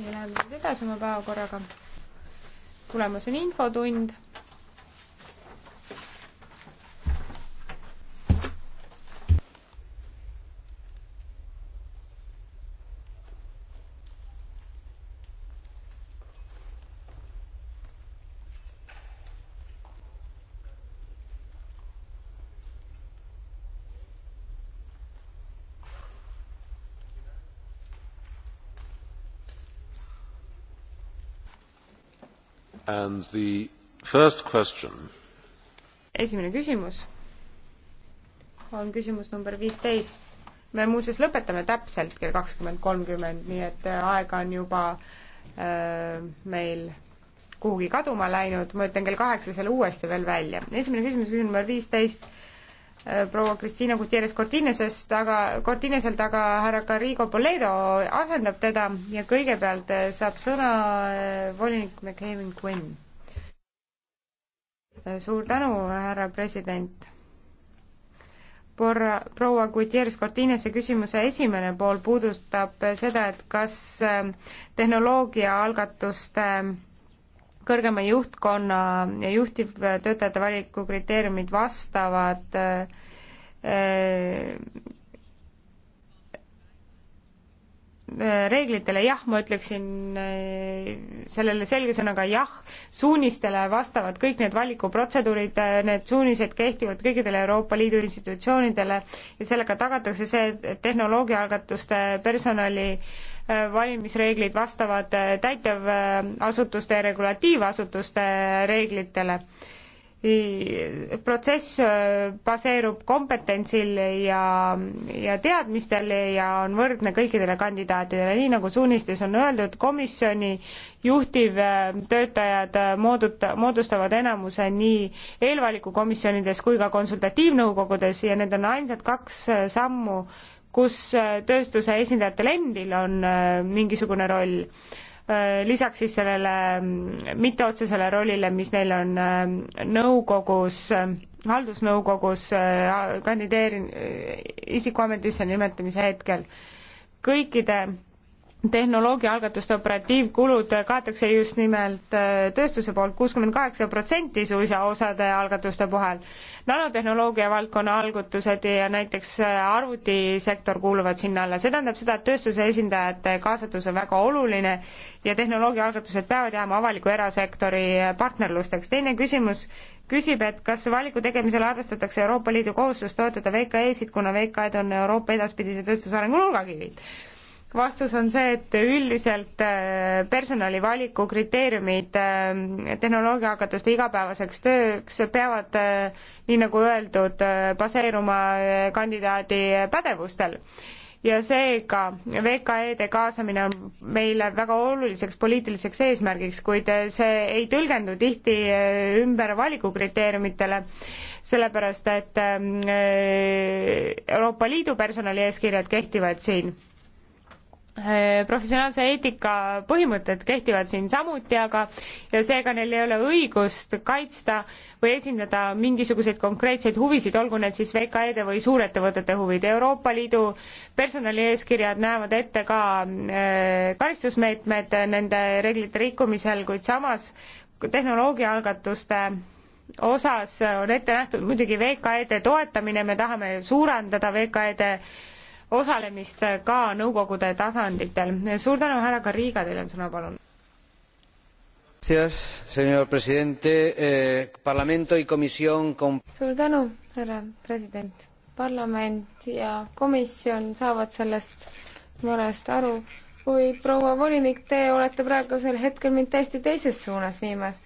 ja läheme nüüd edasi oma päevakorraga. tulemas on infotund And the first question. esimene küsimus on küsimus number viisteist. me muuseas lõpetame täpselt kell kakskümmend kolmkümmend, nii et äh, aega on juba äh, meil kuhugi kaduma läinud, ma ütlen kell kaheksa selle uuesti veel välja. esimene küsimus, küsimus number viisteist Äh, proua Kristiina Gutierrez Cortinesest, aga Cortineselt, aga härra Carrigo Poledo asendab teda ja kõigepealt äh, saab sõna äh, volinik McCain Quinn. suur tänu, härra president. Porra, proua Gutierrez Cortinese küsimuse esimene pool puudutab seda, et kas tehnoloogia algatuste äh, kõrgema juhtkonna ja juhtivtöötajate valiku kriteeriumid vastavad äh, äh, reeglitele jah, ma ütleksin äh, sellele selge sõnaga jah, suunistele vastavad kõik need valikuprotseduurid, need suunised kehtivad kõikidele Euroopa Liidu institutsioonidele ja sellega tagatakse see, et tehnoloogiaalgatuste personali äh, valimisreeglid vastavad äh, täitevasutuste ja regulatiivasutuste äh, reeglitele. protsess äh, baseerub kompetentsil ja, ja teadmistel ja on võrdne kõikidele kandidaatidele, nii nagu suunistes on öeldud, komisjoni juhtivtöötajad mooduta-, moodustavad enamuse nii eelvalikukomisjonides kui ka konsultatiivnõukogudes ja need on ainsad kaks sammu, kus äh, tööstuse esindajatel endil on äh, mingisugune roll, äh, lisaks siis sellele mm, mitteotsesele rollile, mis neil on nõukogus, haldusnõukogus kandideerin isikuametisse nimetamise hetkel. kõikide tehnoloogiaalgatuste operatiivkulud kaetakse just nimelt äh, tööstuse poolt kuuskümmend kaheksa protsenti suisa osade algatuste puhul. nanotehnoloogia valdkonna algutused ja näiteks äh, arvutisektor kuuluvad sinna alla, see tähendab seda, et tööstuse esindajate kaasatus on väga oluline ja tehnoloogiaalgatused peavad jääma avaliku erasektori äh, partnerlusteks. teine küsimus küsib, et kas valiku tegemisel arvestatakse Euroopa Liidu kohustust toetada VKE-sid, kuna VKE-d on Euroopa edaspidise tööstuse arengu nurgakivid vastus on see, et üldiselt äh, personali valiku kriteeriumid äh, tehnoloogiahakatuste igapäevaseks tööks peavad, äh, nii nagu öeldud, baseeruma kandidaadi pädevustel ja seega VKE-de kaasamine on meile väga oluliseks poliitiliseks eesmärgiks, kuid see ei tõlgendu tihti ümber valikukriteeriumitele, sellepärast et ähm, Euroopa Liidu personalieeskirjad kehtivad siin Eh, professionaalse eetika põhimõtted kehtivad siin samuti, aga ja seega neil ei ole õigust kaitsta või esindada mingisuguseid konkreetseid huvisid, olgu need siis VKE-de või suurettevõtete huvid. Euroopa Liidu personalieeskirjad näevad ette ka eh, karistusmeetmed nende reeglite rikkumisel, kuid samas tehnoloogiaalgatuste osas on ette nähtud muidugi VKE-de toetamine, me tahame suurendada VKE-de osalemist ka nõukogude tasanditel. suur tänu, härra Kariga, teil on sõna, palun. Eh, suur tänu, härra president. parlament ja komisjon saavad sellest murest aru, kui proua volinik, te olete praegusel hetkel mind täiesti teises suunas viimas.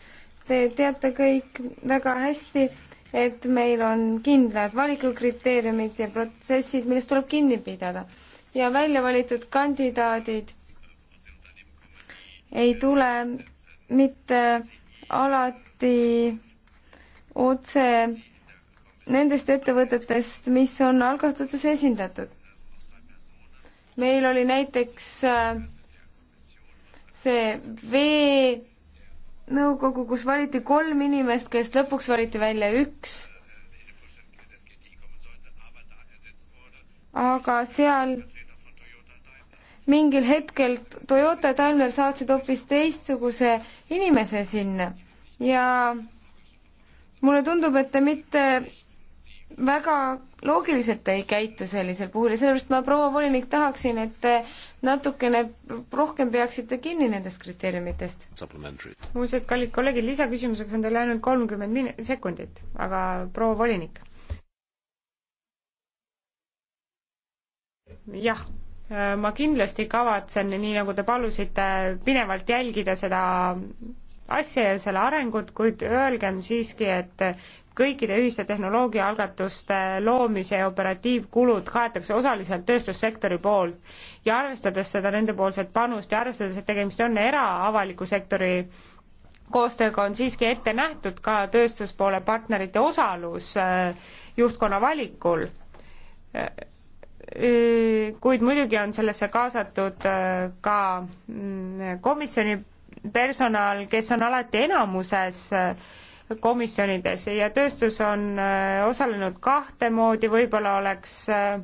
Te teate kõik väga hästi, et meil on kindlad valikukriteeriumid ja protsessid, millest tuleb kinni pidada. ja välja valitud kandidaadid ei tule mitte alati otse nendest ettevõtetest, mis on algatuses esindatud. meil oli näiteks äh, see vee nõukogu, kus valiti kolm inimest, kes lõpuks valiti välja üks. aga seal mingil hetkel Toyota ja Daimler saatsid hoopis teistsuguse inimese sinna ja mulle tundub, et te mitte väga loogiliselt ei käitu sellisel puhul ja sellepärast ma, proua volinik, tahaksin, et te natukene rohkem peaksite kinni nendest kriteeriumitest. muuseas, kallid kolleegid, lisaküsimuseks on teil ainult kolmkümmend min-, sekundit, aga proua volinik. jah, ma kindlasti kavatsen, nii nagu te palusite, pidevalt jälgida seda asja ja selle arengut, kuid öelgem siiski, et kõikide ühiste tehnoloogiaalgatuste loomise ja operatiivkulud kaetakse osaliselt tööstussektori poolt ja arvestades seda nendepoolset panust ja arvestades, et tegemist on era-avaliku sektori koostööga on siiski ette nähtud ka tööstuspoole partnerite osalus äh, juhtkonna valikul. Äh, kuid muidugi on sellesse kaasatud äh, ka mm, komisjoni personal, kes on alati enamuses komisjonides ja tööstus on äh, osalenud kahte moodi, võib-olla oleks äh,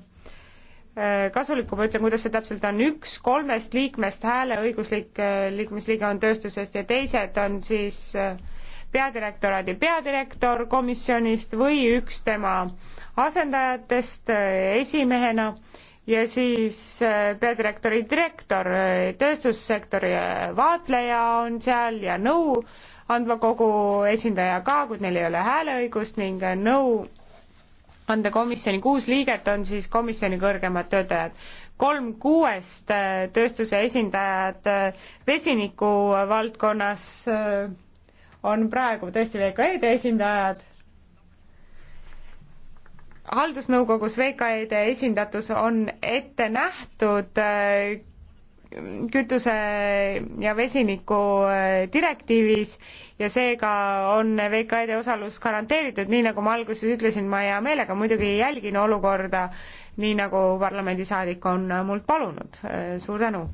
äh, kasulikum, ma ütlen, kuidas see täpselt on, üks kolmest liikmest hääleõiguslik liikmesliige on tööstusest ja teised on siis peadirektoraadi peadirektor komisjonist või üks tema asendajatest esimehena ja siis peadirektori direktor, tööstussektori vaatleja on seal ja nõu andmekogu esindaja ka, kuid neil ei ole hääleõigust ning nõu andekomisjoni kuus liiget on siis komisjoni kõrgemad töötajad. kolm kuuest äh, tööstuse esindajad äh, vesiniku valdkonnas äh, on praegu tõesti VKE-de esindajad. haldusnõukogus VKE-de esindatus on ette nähtud kütuse ja vesiniku äh, direktiivis ja seega on VKD osalus garanteeritud, nii nagu ma alguses ütlesin, ma hea meelega muidugi jälgin olukorda, nii nagu parlamendisaadik on mult palunud, äh, suur tänu!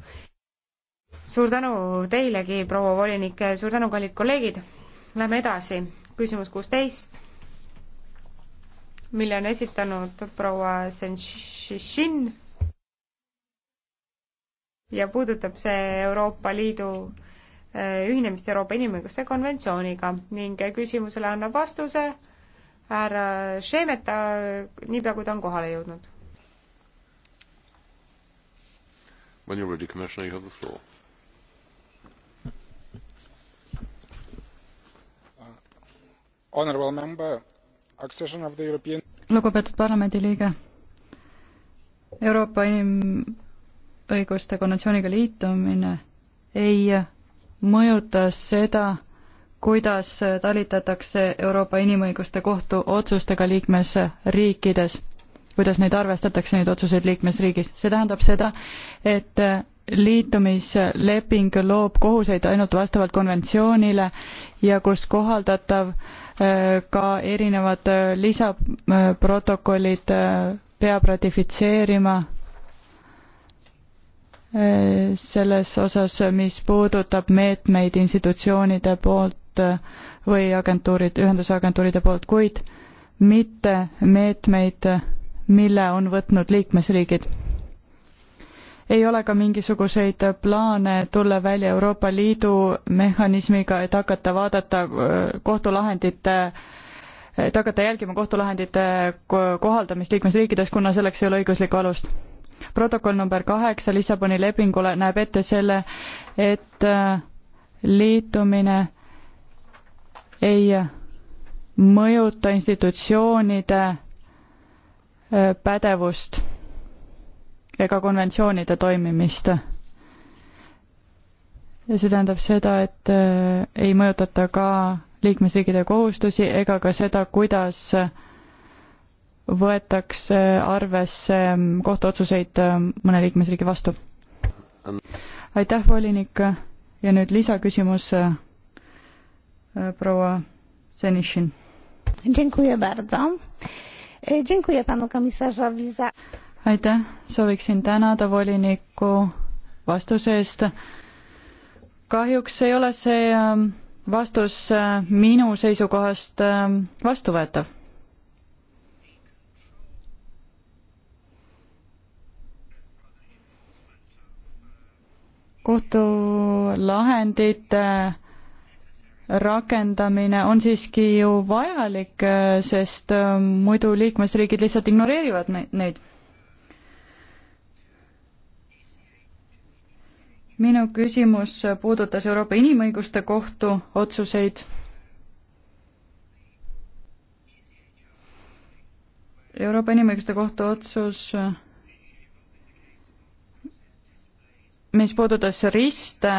suur tänu teilegi, proua volinik, äh, suur tänu, kallid kolleegid, lähme edasi, küsimus kuusteist mille on esitanud proua Senšin ja puudutab see Euroopa Liidu äh, ühinemist Euroopa Inimõiguste konventsiooniga ning küsimusele annab vastuse härra Šemeta, niipea kui ta on kohale jõudnud. When you're ready, Commissioner, you have the floor. Uh, honorable member, accession of the European lugupeetud parlamendiliige, Euroopa Inim-, õiguste konventsiooniga liitumine ei mõjuta seda, kuidas talitatakse Euroopa Inimõiguste Kohtu otsustega liikmesriikides, kuidas neid arvestatakse, neid otsuseid liikmesriigis. see tähendab seda, et liitumisleping loob kohuseid ainult vastavalt konventsioonile ja kus kohaldatav äh, ka erinevad äh, lisaprotokollid äh, peab ratifitseerima selles osas, mis puudutab meetmeid institutsioonide poolt või agentuurid, ühenduse agentuuride poolt, kuid mitte meetmeid, mille on võtnud liikmesriigid. ei ole ka mingisuguseid plaane tulla välja Euroopa Liidu mehhanismiga, et hakata vaadata äh, kohtulahendite et hakata jälgima kohtulahendite kohaldamist liikmesriikides, kuna selleks ei ole õiguslikku alust protokoll number kaheksa Lissaboni lepingule näeb ette selle, et äh, liitumine ei mõjuta institutsioonide äh, pädevust ega konventsioonide toimimist. ja see tähendab seda, et äh, ei mõjutata ka liikmesriikide kohustusi ega ka seda, kuidas võetakse arvesse ähm, kohtuotsuseid ähm, mõne liikmesriigi vastu. aitäh, volinik, ja nüüd lisaküsimus äh, äh, proua Senišin. E, aitäh, sooviksin tänada voliniku vastuse eest. kahjuks ei ole see ähm, vastus äh, minu seisukohast vastuvõetav kohtulahendite äh, rakendamine on siiski ju vajalik, äh, sest äh, muidu liikmesriigid lihtsalt ignoreerivad neid. minu küsimus puudutas Euroopa Inimõiguste Kohtu otsuseid Euroopa Inimõiguste Kohtu otsus mis puudutas riste,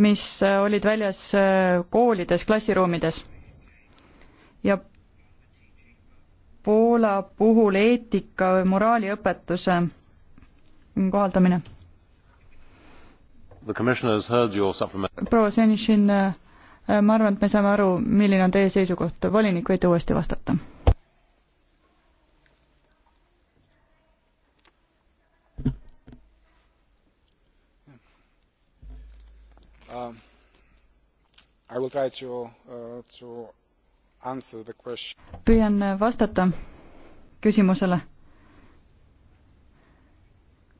mis olid väljas äh, koolides, klassiruumides. ja Poola puhul eetika või moraaliõpetuse kohaldamine. proua Senišin, äh, ma arvan, et me saame aru, milline on teie seisukoht, volinik võite uuesti vastata Uh, I will try to uh,, to answer the question. püüan uh, vastata küsimusele.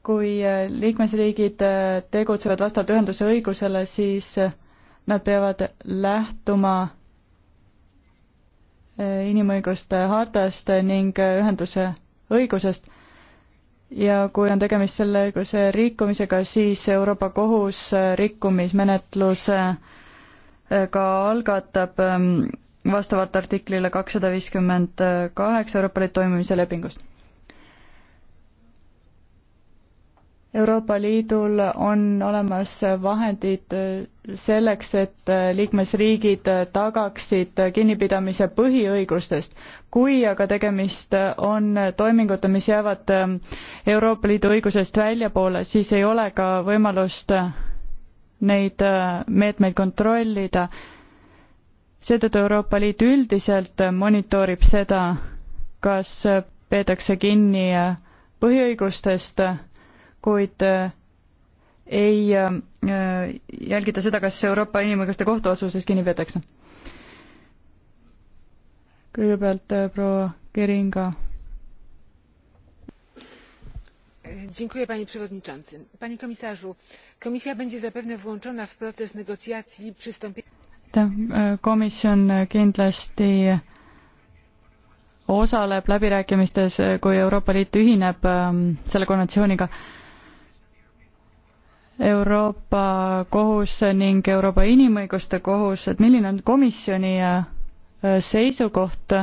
kui uh, liikmesriigid uh, tegutsevad vastavalt ühenduse õigusele, siis nad peavad lähtuma inimõiguste hartast ning ühenduse õigusest ja kui on tegemist selle õiguse rikkumisega, siis Euroopa Kohus äh, rikkumismenetlusega äh, algatab ähm, vastavalt artiklile kakssada viiskümmend äh, kaheksa Euroopa Liidu toimimise lepingust Euroopa Liidul on olemas vahendid selleks, et liikmesriigid tagaksid kinnipidamise põhiõigustest. kui aga tegemist on toimingute, mis jäävad Euroopa Liidu õigusest väljapoole, siis ei ole ka võimalust neid meetmeid kontrollida. seetõttu Euroopa Liit üldiselt monitoorib seda, kas peetakse kinni põhiõigustest kuid äh, ei äh, jälgita seda, kas Euroopa Inimõiguste Kohtu otsusest kinni peetakse. kõigepealt äh, proua Keringa. Dziękuję panie przewodniczący. Panie komisarzu, komisja będzie zapewne włączona w proces negocjacji przystąpienia. Komisjon kindlasti osaleb läbirääkimistes, kui Euroopa Liit ühineb ähm, selle konventsiooniga Euroopa Kohus ning Euroopa Inimõiguste Kohus, et milline on komisjoni äh, seisukoht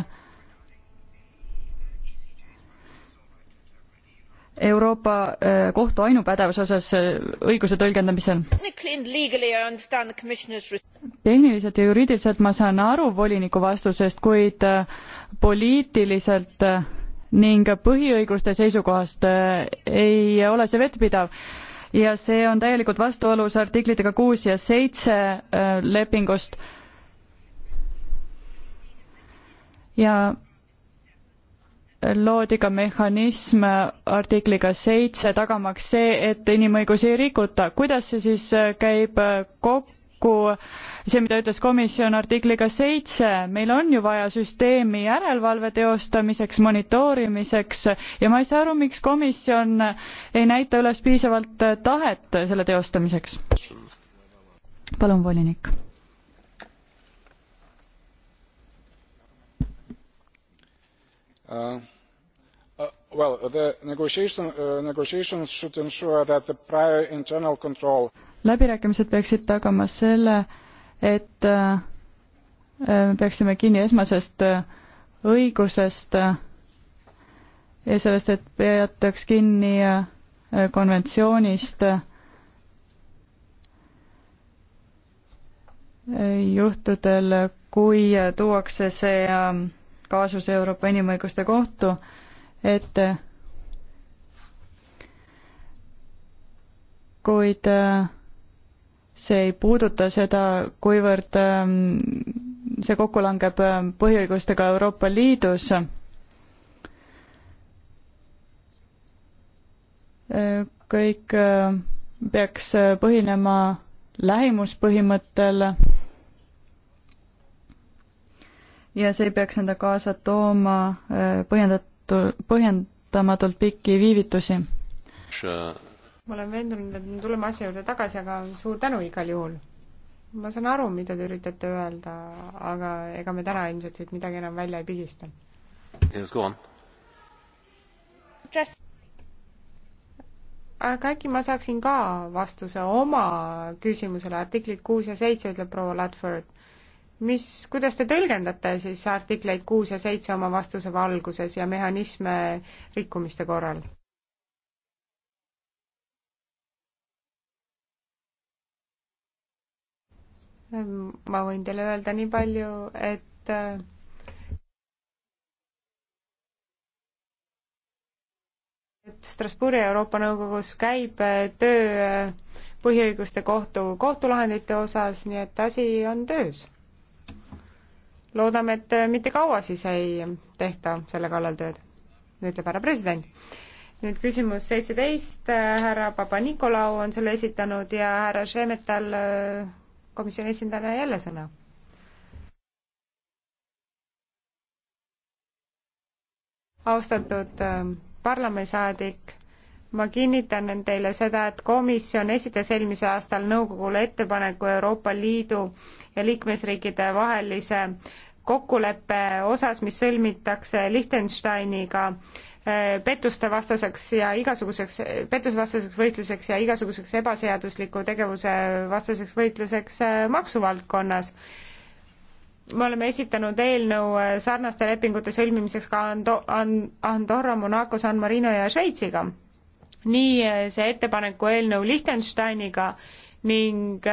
Euroopa äh, Kohtu ainupädevuse osas äh, õiguse tõlgendamisel? tehniliselt ja juriidiliselt ma saan aru voliniku vastusest, kuid poliitiliselt ning põhiõiguste seisukohast ei ole see vettpidav ja see on täielikult vastuolus artiklitega kuus ja seitse äh, lepingust. ja loodi ka mehhanism artikliga seitse tagamaks see, et inimõigusi ei rikuta. kuidas see siis äh, käib äh, kokku? kokku see, mida ütles komisjon artikliga seitse, meil on ju vaja süsteemi järelevalve teostamiseks, monitoorimiseks ja ma ei saa aru, miks komisjon ei näita üles piisavalt tahet selle teostamiseks. palun, volinik. Uh, uh, well, the negotiation, uh, negotiations should ensure that the prior internal control uh, läbirääkimised peaksid tagama selle, et äh, peaksime kinni esmasest äh, õigusest äh, ja sellest, et peataks kinni konventsioonist juhtudel, kui tuuakse see kaasus Euroopa Inimõiguste Kohtu ette, kuid äh, see ei puuduta seda, kuivõrd ähm, see kokku langeb ähm, põhiõigustega Euroopa Liidus. Äh, kõik äh, peaks äh, põhinema lähimuspõhimõttel ja see ei peaks enda kaasa tooma põhjendatu-, põhjendamatult pikki viivitusi ma olen veendunud, et me tuleme asja juurde tagasi, aga suur tänu igal juhul. ma saan aru, mida te üritate öelda, aga ega me täna ilmselt siit midagi enam välja ei pigista. Yes, go on. Just aga äkki ma saaksin ka vastuse oma küsimusele, artiklid kuus ja seitse, ütleb proua Ladford. mis, kuidas te tõlgendate siis artikleid kuus ja seitse oma vastuse valguses ja mehhanisme rikkumiste korral? ma võin teile öelda nii palju, et et Strasbourgi Euroopa Nõukogus käib äh, töö äh, põhiõiguste kohtu kohtulahendite osas, nii et asi on töös. loodame, et äh, mitte kaua siis ei tehta selle kallal tööd, ütleb härra president. nüüd küsimus seitseteist, härra Papa-Nikolau on selle esitanud ja härra Šemetal komisjoni esindajale jälle sõna. austatud ähm, parlamendisaadik, ma kinnitan teile seda, et komisjon esitas eelmisel aastal nõukogule ettepaneku Euroopa Liidu ja liikmesriikide vahelise kokkuleppe osas, mis sõlmitakse Liechtensteiniga äh, pettuste vastaseks ja igasuguseks, pettusevastaseks võitluseks ja igasuguseks ebaseadusliku tegevuse vastaseks võitluseks äh, maksuvaldkonnas me oleme esitanud eelnõu äh, sarnaste lepingute sõlmimiseks ka Ando-, Andorra, Monaco, San Marino ja Šveitsiga. nii äh, see ettepaneku eelnõu Liechtensteiniga ning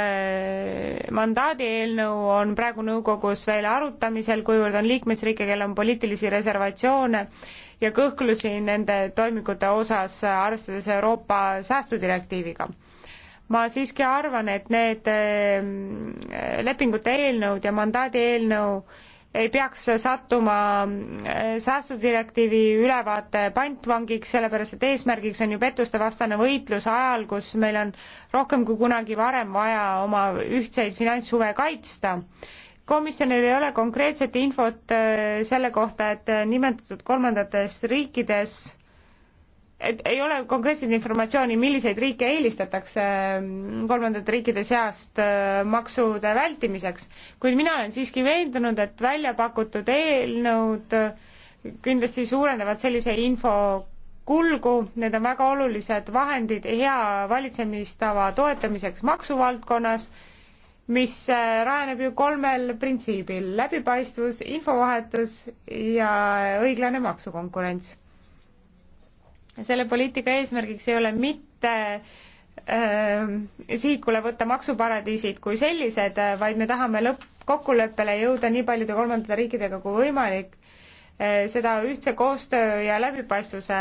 mandaadi eelnõu on praegu nõukogus veel arutamisel, kuivõrd on liikmesriike, kellel on poliitilisi reservatsioone ja kõhklusi nende toimingute osas, arvestades Euroopa säästudirektiiviga ma siiski arvan, et need ehm, lepingute eelnõud ja mandaadi eelnõu ei peaks sattuma ehm, säästudirektiivi ülevaate pantvangiks, sellepärast et eesmärgiks on ju pettustevastane võitlus ajal, kus meil on rohkem kui kunagi varem vaja oma ühtseid finantshuve kaitsta komisjonil ei ole konkreetset infot äh, selle kohta, et äh, nimetatud kolmandates riikides, et ei ole konkreetset informatsiooni, milliseid riike eelistatakse äh, kolmandate riikide seast maksude vältimiseks, kuid mina olen siiski veendunud, et välja pakutud eelnõud kindlasti suurendavad sellise info kulgu, need on väga olulised vahendid hea valitsemistava toetamiseks maksuvaldkonnas mis äh, rajaneb ju kolmel printsiibil, läbipaistvus, infovahetus ja õiglane maksukonkurents. selle poliitika eesmärgiks ei ole mitte ähm, sihikule võtta maksuparadiisid kui sellised, äh, vaid me tahame lõppkokkuleppele jõuda nii paljude kolmandate riikidega kui võimalik, äh, seda ühtse koostöö ja läbipaistvuse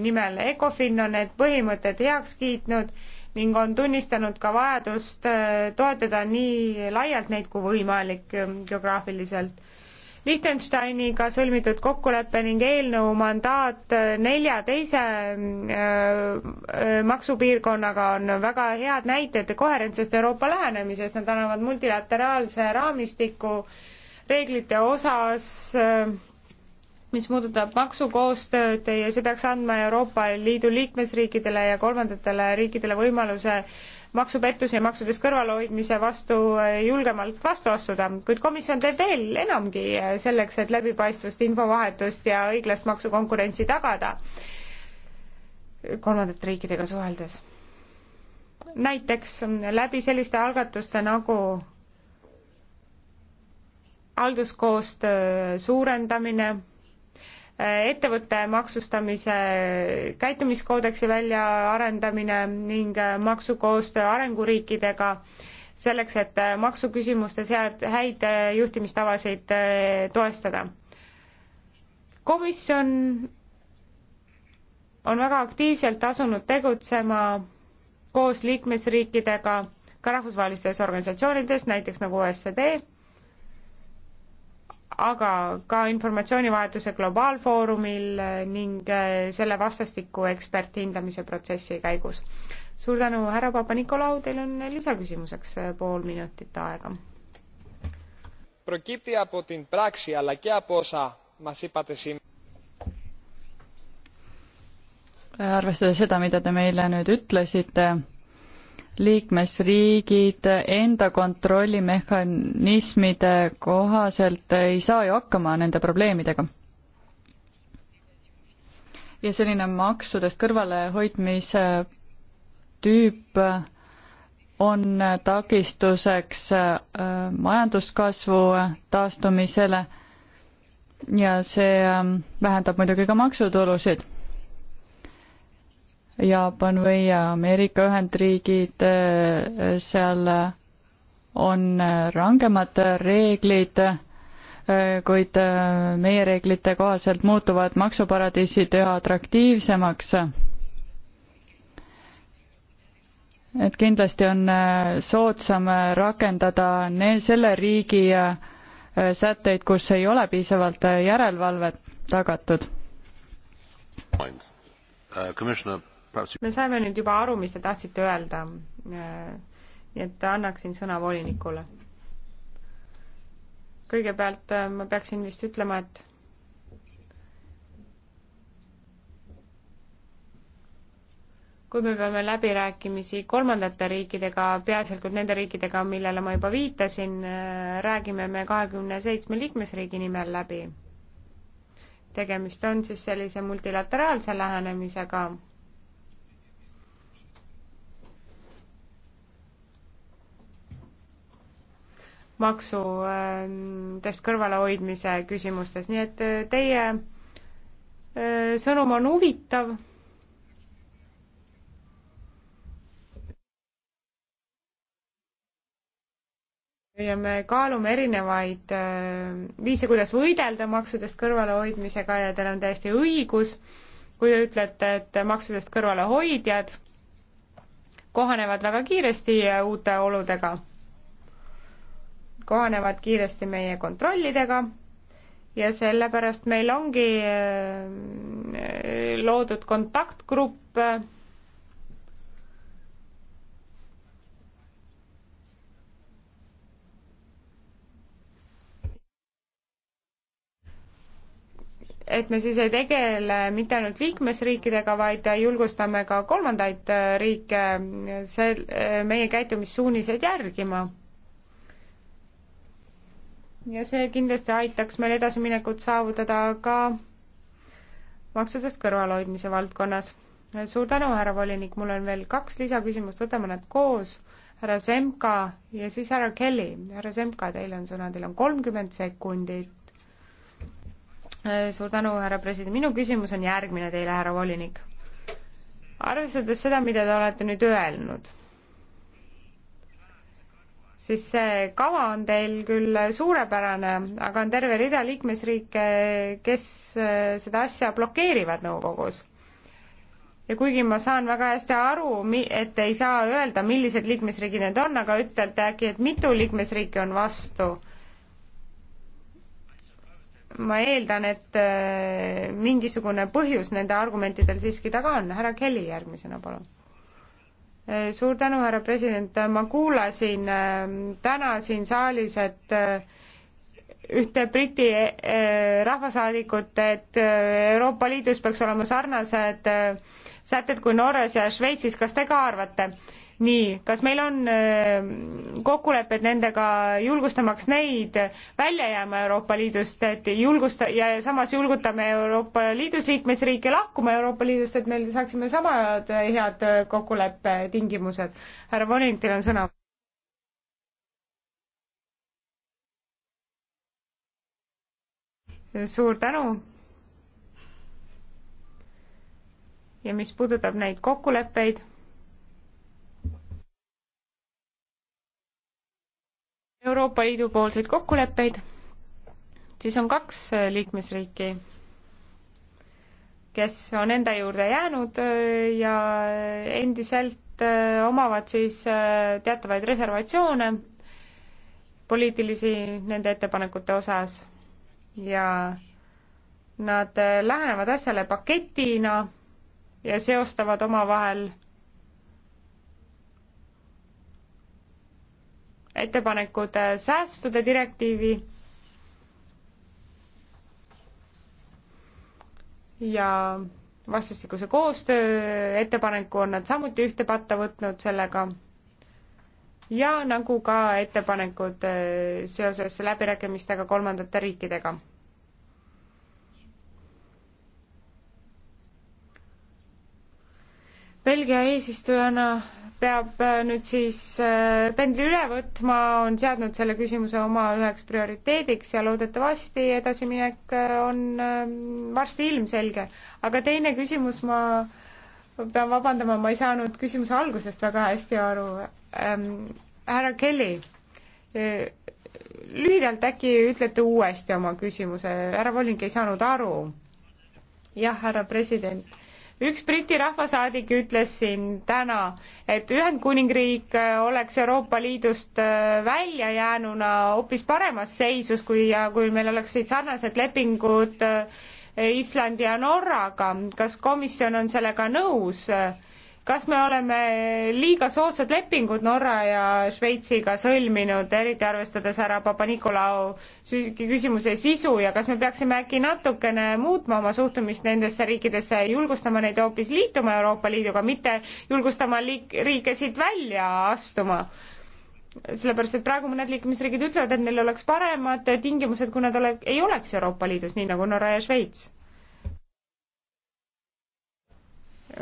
nimel. Ecofin on need põhimõtted heaks kiitnud ning on tunnistanud ka vajadust äh, toetada nii laialt neid kui võimalik äh, geograafiliselt. Liechtensteiniga sõlmitud kokkulepe ning eelnõu mandaat äh, nelja teise maksupiirkonnaga on väga head näited koherentsest Euroopa lähenemisest, nad annavad multilateraalse raamistiku reeglite osas öö, mis puudutab maksukoostööd ja see peaks andma Euroopa Liidu liikmesriikidele ja kolmandatele riikidele võimaluse maksupettuse ja maksudest kõrvalhoidmise vastu eh, julgemalt vastu astuda, kuid komisjon teeb veel enamgi eh, selleks, et läbipaistvust, infovahetust ja õiglast maksukonkurentsi tagada kolmandate riikidega suheldes. näiteks mm, läbi selliste algatuste nagu halduskoostöö suurendamine ettevõtte maksustamise käitumiskoodeksi väljaarendamine ning maksukoostöö arenguriikidega selleks, et maksuküsimustes head, häid juhtimistavasid eh, toestada. komisjon on väga aktiivselt asunud tegutsema koos liikmesriikidega ka rahvusvahelistes organisatsioonides, näiteks nagu OSCD aga ka informatsioonivahetuse globaalfoorumil eh, ning eh, selle vastastiku eksperthindamise protsessi käigus. suur tänu, härra Papa-Nikolau, teil on lisaküsimuseks eh, pool minutit aega. arvestades seda, mida te meile nüüd ütlesite, liikmesriigid enda kontrollimehhanismide kohaselt ei saa ju hakkama nende probleemidega. ja selline maksudest kõrvalehoidmise tüüp on takistuseks äh, majanduskasvu taastumisele ja see ähm, vähendab muidugi ka maksutulusid Jaapan või Ameerika Ühendriigid, seal on rangemad reeglid, kuid meie reeglite kohaselt muutuvad maksuparadiisid üha atraktiivsemaks. et kindlasti on soodsam rakendada ne-, selle riigi sätteid, kus ei ole piisavalt järelevalvet tagatud. Uh, commissioner me saime nüüd juba aru, mis te tahtsite öelda. nii et annaksin sõna volinikule. kõigepealt äh, ma peaksin vist ütlema, et kui me peame läbirääkimisi kolmandate riikidega, peaasjalikult nende riikidega, millele ma juba viitasin, äh, räägime me kahekümne seitsme liikmesriigi nimel läbi. tegemist on siis sellise multilateraalse lähenemisega maksudest ähm, kõrvalehoidmise küsimustes, nii et äh, teie äh, sõnum on huvitav. ja me kaalume erinevaid äh, viise, kuidas võidelda maksudest kõrvalehoidmisega ja teil on täiesti õigus, kui te ütlete, et maksudest kõrvalehoidjad kohanevad väga kiiresti uute oludega kohanevad kiiresti meie kontrollidega ja sellepärast meil ongi äh, loodud kontaktgrupp et me siis ei tegele mitte ainult liikmesriikidega, vaid julgustame ka kolmandaid äh, riike äh, see, meie käitumissuuniseid järgima ja see kindlasti aitaks meil edasiminekut saavutada ka maksudest kõrvalhoidmise valdkonnas. suur tänu, härra volinik, mul on veel kaks lisaküsimust, võtame nad koos. härra Semka ja siis härra Kelly. härra Semka, teil on sõna, teil on kolmkümmend sekundit. suur tänu, härra president, minu küsimus on järgmine teile, härra volinik. arvestades seda, mida te olete nüüd öelnud siis see kava on teil küll suurepärane, aga on terve rida liikmesriike, kes äh, seda asja blokeerivad nõukogus. ja kuigi ma saan väga hästi aru, et ei saa öelda, millised liikmesriigid need on, aga ütelda äkki, et mitu liikmesriiki on vastu. ma eeldan, et äh, mingisugune põhjus nende argumentidel siiski taga on. härra Kelly järgmisena, palun Äh, suur tänu, härra president, ma kuulasin äh, täna siin saalis, et äh, ühte Briti rahvasaadikut, et Euroopa Liidus peaks olema sarnased sätted kui Norras ja Šveitsis, kas te ka arvate? nii, kas meil on äh, kokkulepped nendega julgustamaks neid välja jääma Euroopa Liidust, et julgusta- ja samas julgutame Euroopa Liidus liikmesriike lahkuma Euroopa Liidust, et meil saaksime samad äh, head äh, kokkuleppe tingimused. härra Volinik, teil on sõna. suur tänu ja mis puudutab neid kokkuleppeid, Euroopa Liidu poolseid kokkuleppeid, siis on kaks äh, liikmesriiki, kes on enda juurde jäänud äh, ja endiselt äh, omavad siis teatavaid reservatsioone poliitilisi nende ettepanekute osas ja nad lähenevad asjale paketina ja seostavad omavahel ettepanekud äh, säästude direktiivi ja vastastikuse koostöö ettepaneku on nad samuti ühte patta võtnud sellega ja nagu ka ettepanekud äh, seoses läbirääkimistega kolmandate riikidega. Belgia eesistujana peab äh, nüüd siis äh, pendli üle võtma, on seadnud selle küsimuse oma üheks prioriteediks ja loodetavasti edasiminek äh, on ähm, varsti ilmselge. aga teine küsimus, ma pean vabandama, ma ei saanud küsimuse algusest väga hästi aru ähm,. härra Kelly, lühidalt äkki ütlete uuesti oma küsimuse, härra Volink ei saanud aru. jah, härra president üks Briti rahvasaadik ütles siin täna, et Ühendkuningriik äh, oleks Euroopa Liidust äh, välja jäänuna hoopis paremas seisus, kui, kui meil oleksid sarnased lepingud äh, Islandi ja Norraga. kas komisjon on sellega nõus? kas me oleme liiga soodsad lepingud Norra ja Šveitsiga sõlminud, eriti arvestades härra Papa-Nikolau küsimuse sisu ja kas me peaksime äkki natukene muutma oma suhtumist nendesse riikidesse, julgustama neid hoopis liituma Euroopa Liiduga, mitte julgustama liik-, riike siit välja astuma? sellepärast, et praegu mõned liikmesriigid ütlevad, et neil oleks paremad tingimused, kui nad ole-, ei oleks Euroopa Liidus, nii nagu Norra ja Šveits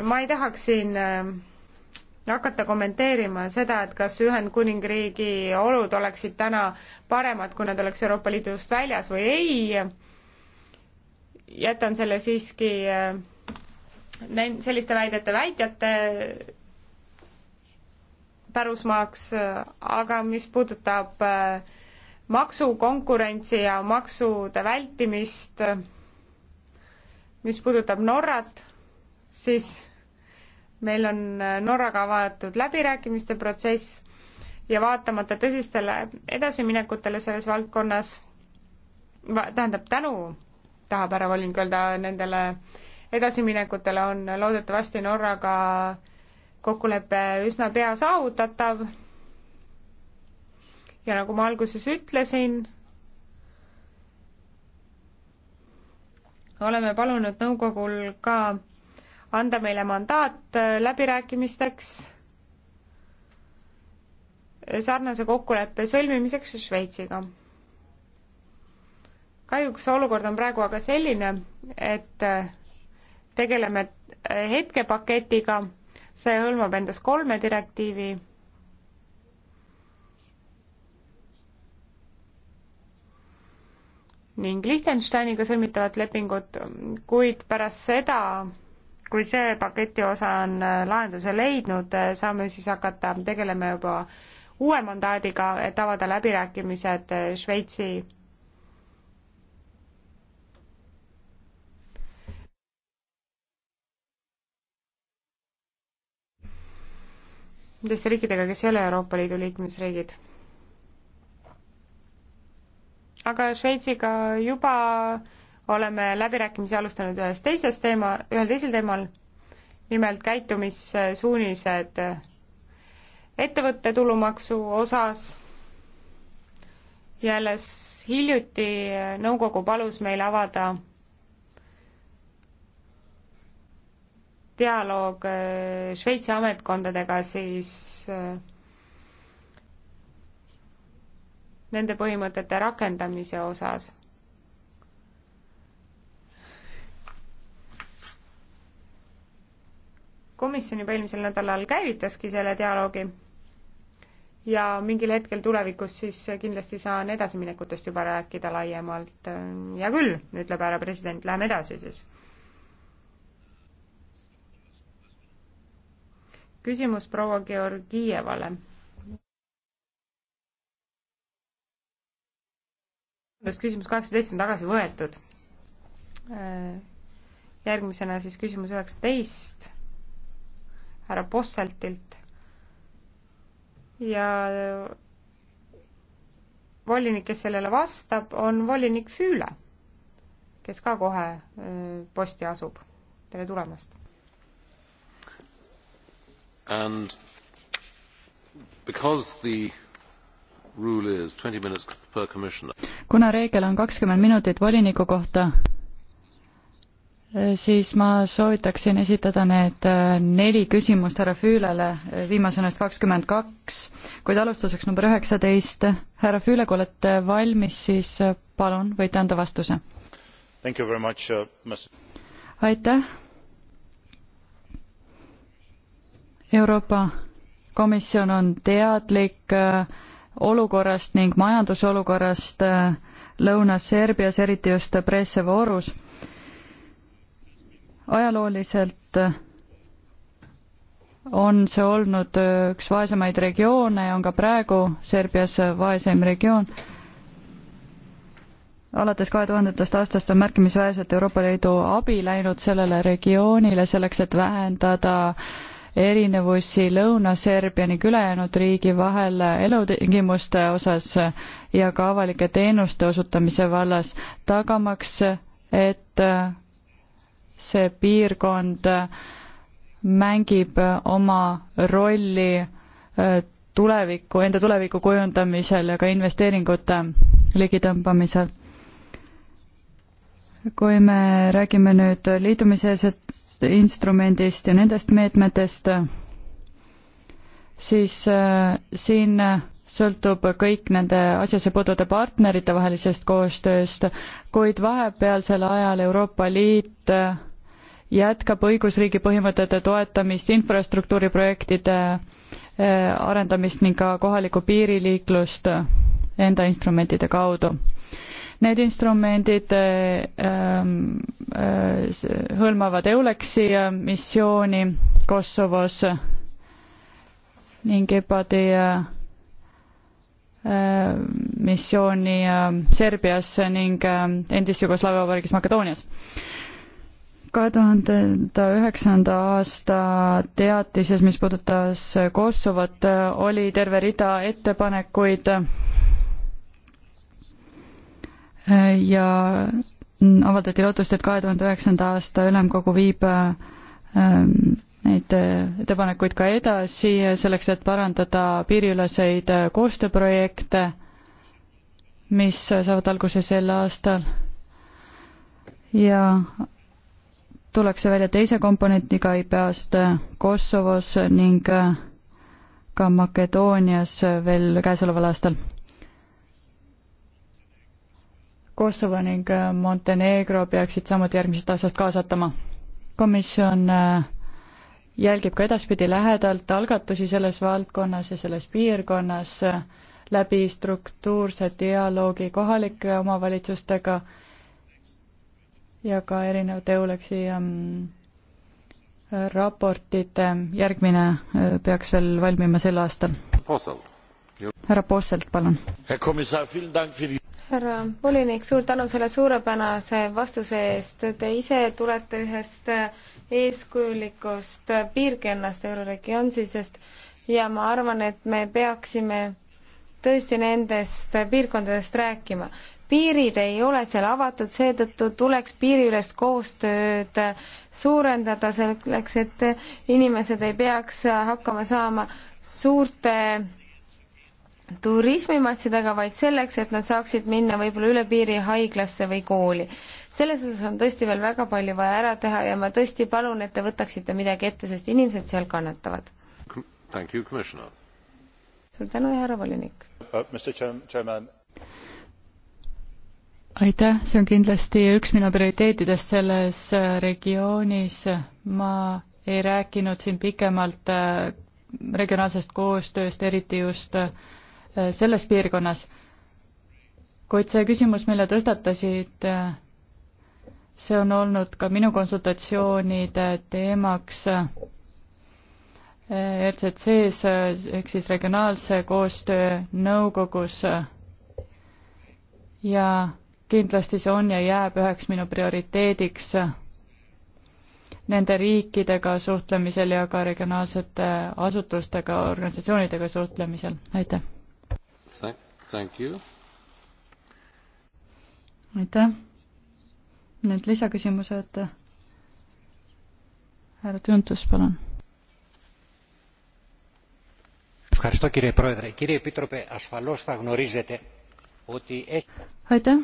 ma ei tahaks siin äh, hakata kommenteerima seda, et kas Ühendkuningriigi olud oleksid täna paremad, kui nad oleks Euroopa Liidust väljas või ei. jätan selle siiski äh, selliste väidete väitjate pärusmaaks, äh, aga mis puudutab maksukonkurentsi ja maksude vältimist, mis puudutab Norrat, siis meil on äh, Norraga avatud läbirääkimiste protsess ja vaatamata tõsistele edasiminekutele selles valdkonnas, tähendab tänu, tahab härra Volling öelda, nendele edasiminekutele on loodetavasti Norraga kokkulepe üsna pea saavutatav. ja nagu ma alguses ütlesin, oleme palunud nõukogul ka anda meile mandaat äh, läbirääkimisteks äh, sarnase kokkuleppe sõlmimiseks Šveitsiga. kahjuks olukord on praegu aga selline, et äh, tegeleme hetkepaketiga, see hõlmab endas kolme direktiivi ning Liechtensteiniga sõlmitavat lepingut, kuid pärast seda kui see paketi osa on äh, lahenduse leidnud, äh, saame siis hakata tegelema juba uue mandaadiga, et avada läbirääkimised äh, Šveitsi teiste riikidega, kes ei ole Euroopa Liidu liikmesriigid. aga Šveitsiga juba oleme läbirääkimisi alustanud ühes teises teema, ühel teisel teemal, nimelt käitumissuunised ettevõtte tulumaksu osas. ja alles hiljuti nõukogu palus meil avada dialoog äh, Šveitsi ametkondadega siis äh, nende põhimõtete rakendamise osas. komisjon juba eelmisel nädalal käivitaski selle dialoogi ja mingil hetkel tulevikus siis kindlasti saan edasiminekutest juba rääkida laiemalt. hea küll, ütleb härra president, läheme edasi siis. küsimus proua Georgievale. küsimus kaheksateist on tagasi võetud. järgmisena siis küsimus üheksateist härra Posseltilt ja volinik, kes sellele vastab, on volinik Füüle, kes ka kohe äh, posti asub. tere tulemast! And because the rule is twenty minutes per commissioner kuna reegel on kakskümmend minutit voliniku kohta Äh, siis ma soovitaksin esitada need äh, neli küsimust härra Füülele, äh, viimasena vist kakskümmend kaks, kuid alustuseks number üheksateist. härra Füüle, kui olete valmis, siis palun, võite anda vastuse. Uh, aitäh. Euroopa Komisjon on teadlik olukorrast ning majandusolukorrast Lõuna-Serbias, eriti just Brežnevi orus ajalooliselt on see olnud üks vaesemaid regioone ja on ka praegu Serbias vaesem regioon. alates kahe tuhandetest aastast on märkimisväärselt Euroopa Liidu abi läinud sellele regioonile selleks, et vähendada erinevusi Lõuna-Serbia ning ülejäänud riigi vahel elutingimuste osas ja ka avalike teenuste osutamise vallas, tagamaks, et see piirkond mängib oma rolli äh, tuleviku, enda tuleviku kujundamisel ja ka investeeringute ligitõmbamisel. kui me räägime nüüd liidumiseelsest instrumendist ja nendest meetmetest, siis äh, siin sõltub kõik nende asjasse puuduvate partnerite vahelisest koostööst, kuid vahepealsel ajal Euroopa Liit äh, jätkab õigusriigi põhimõtete toetamist, infrastruktuuriprojektide eh, arendamist ning ka kohalikku piiriliiklust enda instrumentide kaudu. Need instrumendid ehm, eh, hõlmavad EULEX-i eh, missiooni Kosovos ning EPA-di missiooni Serbias ning endis Jugoslaavia vabariigis Makedoonias kahe tuhandenda üheksanda aasta teatises, mis puudutas Kosovot, oli terve rida ettepanekuid ja avaldati lootust, et kahe tuhande üheksanda aasta ülemkogu viib ähm, neid ettepanekuid ka edasi selleks, et parandada piiriüleseid koostööprojekte, mis saavad alguse sel aastal ja tullakse välja teise komponentiga IPA-st äh, Kosovos ning äh, ka Makedoonias äh, veel käesoleval aastal. Kosovo ning Montenegro peaksid samuti järgmisest aastast kaasatama. komisjon jälgib ka edaspidi lähedalt algatusi selles valdkonnas ja selles piirkonnas läbi struktuurse dialoogi kohalike omavalitsustega ja ka erinevate EULEX-i ähm, raportite järgmine äh, peaks veel valmima sel aastal. härra Posselt, palun. härra volinik, suur tänu selle suurepärase vastuse eest. Te ise tulete ühest äh, eeskujulikust äh, piirkonnast Euroregionsisest ja ma arvan, et me peaksime tõesti nendest piirkondadest rääkima piirid ei ole seal avatud, seetõttu tuleks piiriülest koostööd suurendada selleks, et inimesed ei peaks hakkama saama suurte turismimassidega, vaid selleks, et nad saaksid minna võib-olla üle piiri haiglasse või kooli. selles osas on tõesti veel väga palju vaja ära teha ja ma tõesti palun, et te võtaksite midagi ette, sest inimesed seal kannatavad. suur tänu ja härra volinik uh, aitäh, see on kindlasti üks minu prioriteetidest selles äh, regioonis. ma ei rääkinud siin pikemalt äh, regionaalsest koostööst, eriti just äh, selles piirkonnas. kuid see küsimus, mille tõstatasid, see on olnud ka minu konsultatsioonide teemaks RCC-s ehk siis Regionaalse Koostöö Nõukogus ja kindlasti see on ja jääb üheks minu prioriteediks nende riikidega suhtlemisel ja ka regionaalsete asutustega, organisatsioonidega suhtlemisel, aitäh! aitäh! nüüd lisaküsimused. härra Tuntus, palun. aitäh!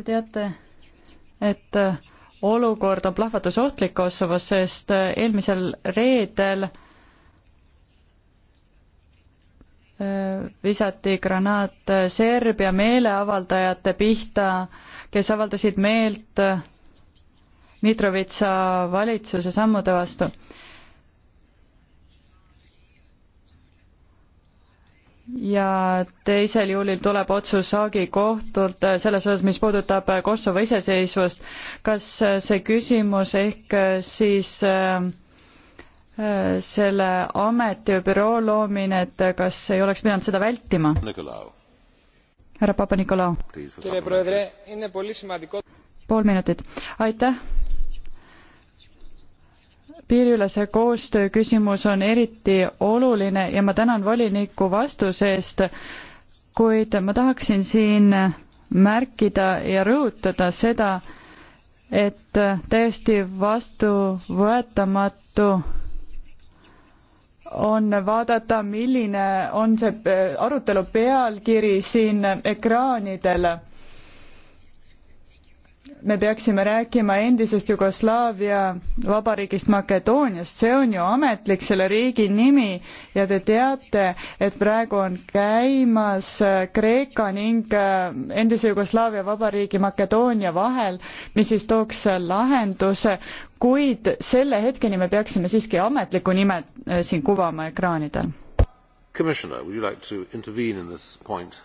Te teate, et olukord on plahvatusohtlik Kosovos, sest eelmisel reedel äh, visati granaat Serbia meeleavaldajate pihta, kes avaldasid meelt Mitrovitsa valitsuse sammude vastu. ja teisel juulil tuleb otsus Haagi kohtult äh, selles osas, mis puudutab äh, Kosovo iseseisvust. kas äh, see küsimus ehk siis selle ameti või büroo loomine, et kas ei oleks pidanud seda vältima? härra Papa-Nikolau. pool minutit, aitäh piiriülese koostöö küsimus on eriti oluline ja ma tänan voliniku vastuse eest, kuid ma tahaksin siin märkida ja rõhutada seda, et täiesti vastuvõetamatu on vaadata, milline on see äh, arutelu pealkiri siin ekraanidel me peaksime rääkima endisest Jugoslaavia vabariigist Makedooniast, see on ju ametlik selle riigi nimi ja te teate, et praegu on käimas Kreeka ning äh, endise Jugoslaavia vabariigi Makedoonia vahel, mis siis tooks lahenduse, kuid selle hetkeni me peaksime siiski ametlikku nime äh, siin kuvama ekraanidel. Commissioner, would you like to intervene in this point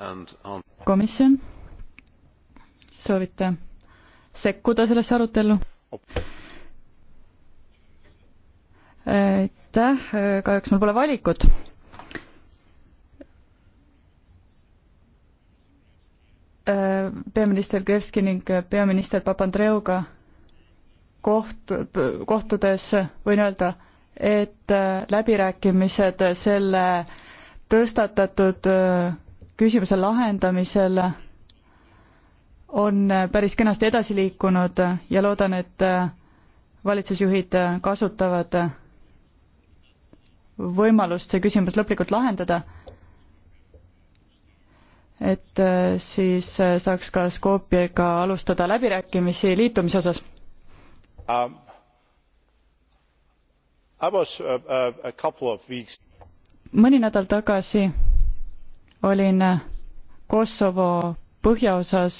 and answer? komisjon soovite sekkuda sellesse arutellu? aitäh, kahjuks mul pole valikut. peaminister Krevski ning peaminister Papandreuga koht-, kohtudes võin öelda, et läbirääkimised selle tõstatatud küsimuse lahendamisel on päris kenasti edasi liikunud ja loodan, et valitsusjuhid kasutavad võimalust see küsimus lõplikult lahendada, et siis saaks ka Skopjega alustada läbirääkimisi liitumise osas um,. Uh, uh, mõni nädal tagasi olin Kosovo põhjaosas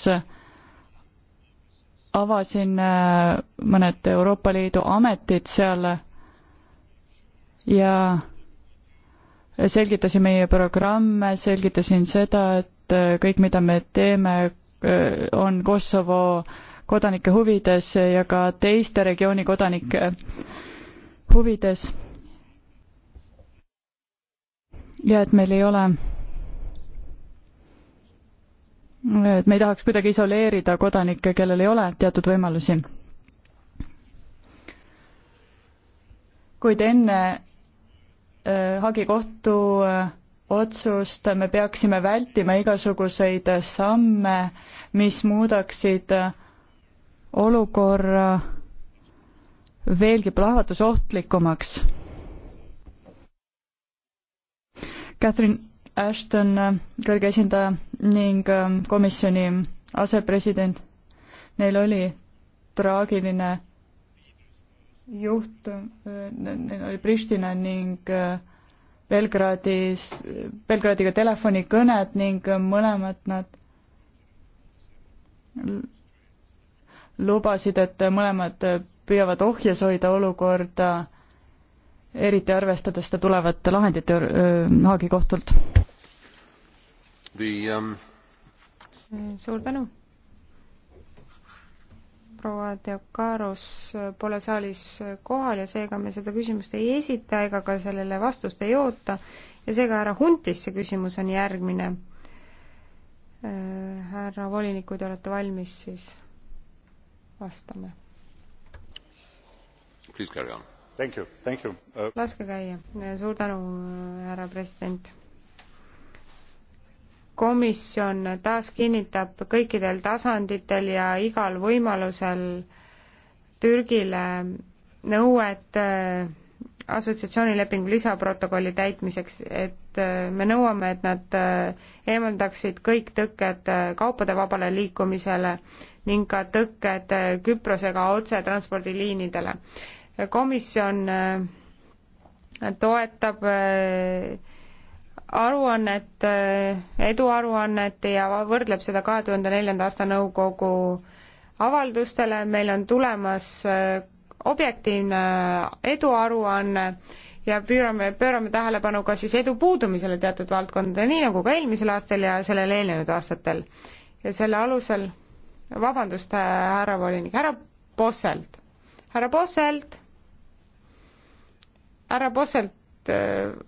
avasin äh, mõned Euroopa Liidu ametid seal ja selgitasin meie programme, selgitasin seda, et äh, kõik, mida me teeme, äh, on Kosovo kodanike huvides ja ka teiste regiooni kodanike huvides. ja et meil ei ole et me ei tahaks kuidagi isoleerida kodanikke, kellel ei ole teatud võimalusi. kuid enne Haagi äh, kohtu äh, otsust me peaksime vältima igasuguseid samme, mis muudaksid äh, olukorra veelgi plahvatusohtlikumaks. Catherine Ashton, kõrge esindaja ning ähm, komisjoni asepresident, neil oli traagiline juhtum, äh, neil oli Pristina ning äh, Belgradis, Belgradiga telefonikõned ning mõlemad nad lubasid, et mõlemad püüavad ohjes hoida olukorda eriti arvestades seda tulevat lahendit Haagi kohtult. Um... suur tänu. proua Teokaros pole saalis kohal ja seega me seda küsimust ei esita ega ka sellele vastust ei oota ja seega härra Huntis see küsimus on järgmine. Äh, härra volinik, kui te olete valmis, siis vastame. Please carry on Uh, laske käia. suur tänu, härra president. komisjon taas kinnitab kõikidel tasanditel ja igal võimalusel Türgile nõuet äh, assotsiatsioonilepingu lisaprotokolli täitmiseks, et äh, me nõuame, et nad äh, eemaldaksid kõik tõkked kaupade vabale liikumisele ning ka tõkked Küprosega otse transpordiliinidele komisjon äh, toetab äh, aruannet, äh, eduaruannet ja võrdleb seda kahe tuhande neljanda aasta nõukogu avaldustele, meil on tulemas objektiivne eduaruanne ja pöörame, pöörame tähelepanu ka siis edu puudumisele teatud valdkondadele, nii nagu ka eelmisel aastal ja sellel eelnenud aastatel. ja selle alusel, vabandust, härra volinik, härra Posselt, härra Posselt härra Posselt,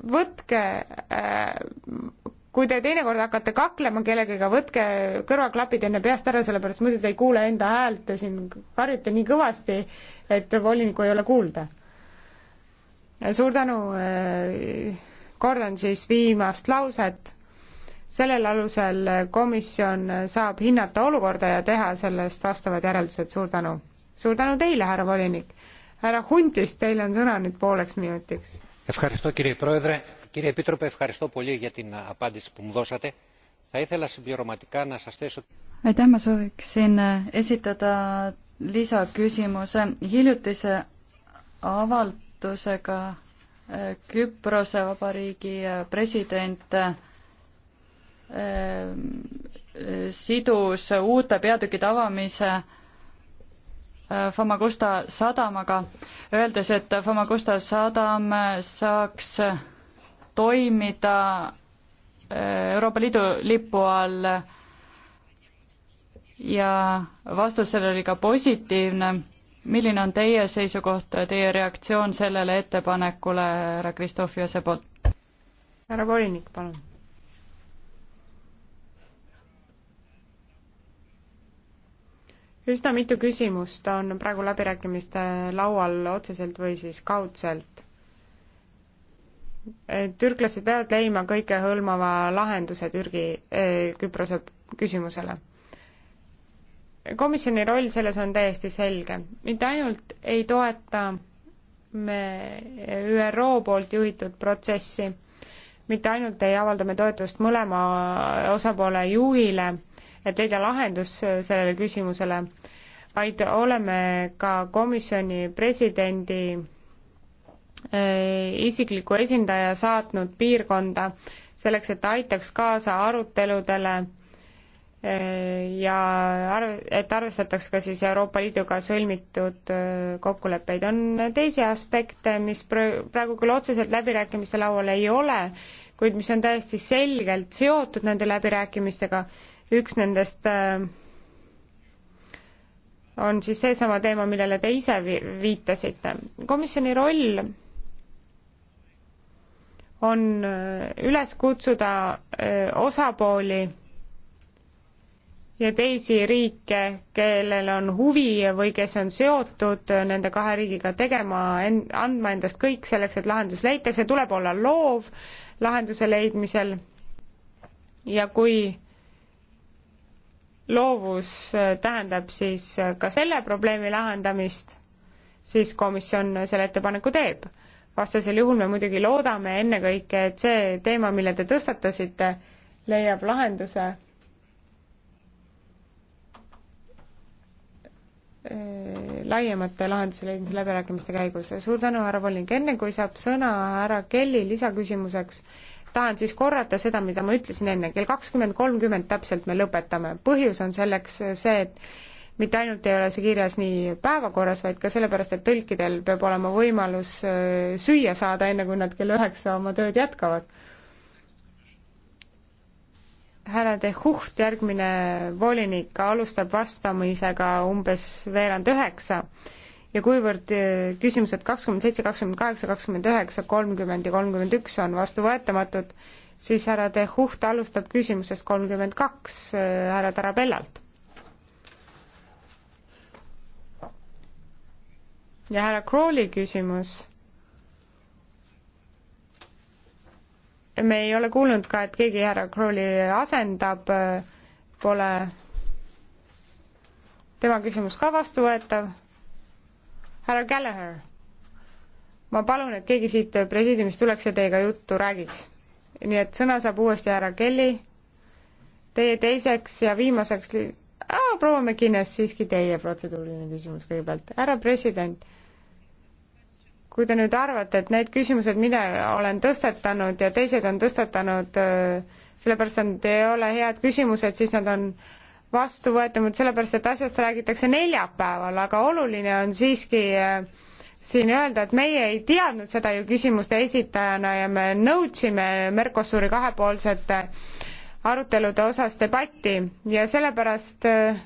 võtke, kui te teinekord hakkate kaklema kellegagi, võtke kõrvaklapid enne peast ära, sellepärast muidu te ei kuule enda häält, te siin karjute nii kõvasti, et volinikku ei ole kuulda. suur tänu, kordan siis viimast lauset, sellel alusel komisjon saab hinnata olukorda ja teha sellest vastavad järeldused, suur tänu. suur tänu teile, härra volinik! härra Huntis, teil on sõna nüüd pooleks minutiks. aitäh, ma sooviksin äh, esitada lisaküsimuse. hiljutise avaldusega äh, Küprose Vabariigi äh, president sidus uute peatükkide avamise Famagusta sadamaga, öeldes, et Famagusta sadam saaks toimida äh, Euroopa Liidu lipu all ja vastus sellele oli ka positiivne. milline on teie seisukoht, teie reaktsioon sellele ettepanekule härra Kristofiase poolt? härra volinik, palun üsna mitu küsimust on praegu läbirääkimiste laual otseselt või siis kaudselt. türklased peavad leima kõikehõlmava lahenduse Türgi, e, Küprose küsimusele. komisjoni roll selles on täiesti selge, mitte ainult ei toeta me ÜRO poolt juhitud protsessi, mitte ainult ei avalda me toetust mõlema osapoole juhile et leida lahendus sellele küsimusele, vaid oleme ka komisjoni presidendi äh, isikliku esindaja saatnud piirkonda selleks, et ta aitaks kaasa aruteludele äh, ja arv-, et arvestataks ka siis Euroopa Liiduga sõlmitud äh, kokkuleppeid. on teisi aspekte, mis praegu küll otseselt läbirääkimiste laual ei ole, kuid mis on täiesti selgelt seotud nende läbirääkimistega, üks nendest äh, on siis seesama teema, millele te ise viitasite. komisjoni roll on äh, üles kutsuda äh, osapooli ja teisi riike, kellel on huvi või kes on seotud nende kahe riigiga tegema, andma endast kõik selleks, et lahendus leitakse, tuleb olla loov lahenduse leidmisel ja kui loovus äh, tähendab siis äh, ka selle probleemi lahendamist, siis komisjon selle ettepaneku teeb. vastasel juhul me muidugi loodame ennekõike, et see teema, mille te tõstatasite, leiab lahenduse äh, laiemate lahenduse leidmise läbirääkimiste käigus. suur tänu, härra Polling, enne kui saab sõna härra Kelly lisaküsimuseks, tahan siis korrata seda, mida ma ütlesin enne, kell kakskümmend kolmkümmend täpselt me lõpetame. põhjus on selleks see, et mitte ainult ei ole see kirjas nii päevakorras, vaid ka sellepärast, et tõlkidel peab olema võimalus äh, süüa saada, enne kui nad kell üheksa oma tööd jätkavad. härra De Hucht, järgmine volinik, alustab vastamisega umbes veerand üheksa ja kuivõrd eh, küsimused kakskümmend seitse, kakskümmend kaheksa, kakskümmend üheksa, kolmkümmend ja kolmkümmend üks on vastuvõetamatud, siis härra De Hucht alustab küsimusest kolmkümmend kaks eh, härra Tarabellalt. ja härra Crawley küsimus. me ei ole kuulnud ka, et keegi härra Crawley asendab, eh, pole tema küsimus ka vastuvõetav härra Gallagher, ma palun, et keegi siit presiidiumist tuleks ja teiega juttu räägiks. nii et sõna saab uuesti härra Kelly, teie teiseks ja viimaseks li-, aa, proua McInnes, siiski teie protseduuriline küsimus kõigepealt. härra president, kui te nüüd arvate, et need küsimused, mida olen tõstatanud ja teised on tõstatanud, äh, sellepärast et ei ole head küsimused, siis nad on äh, vastuvõetamatu, sellepärast et asjast räägitakse neljapäeval, aga oluline on siiski äh, siin öelda, et meie ei teadnud seda ju küsimuste esitajana ja me nõudsime Mercosuri kahepoolsete äh, arutelude osas debatti ja sellepärast äh,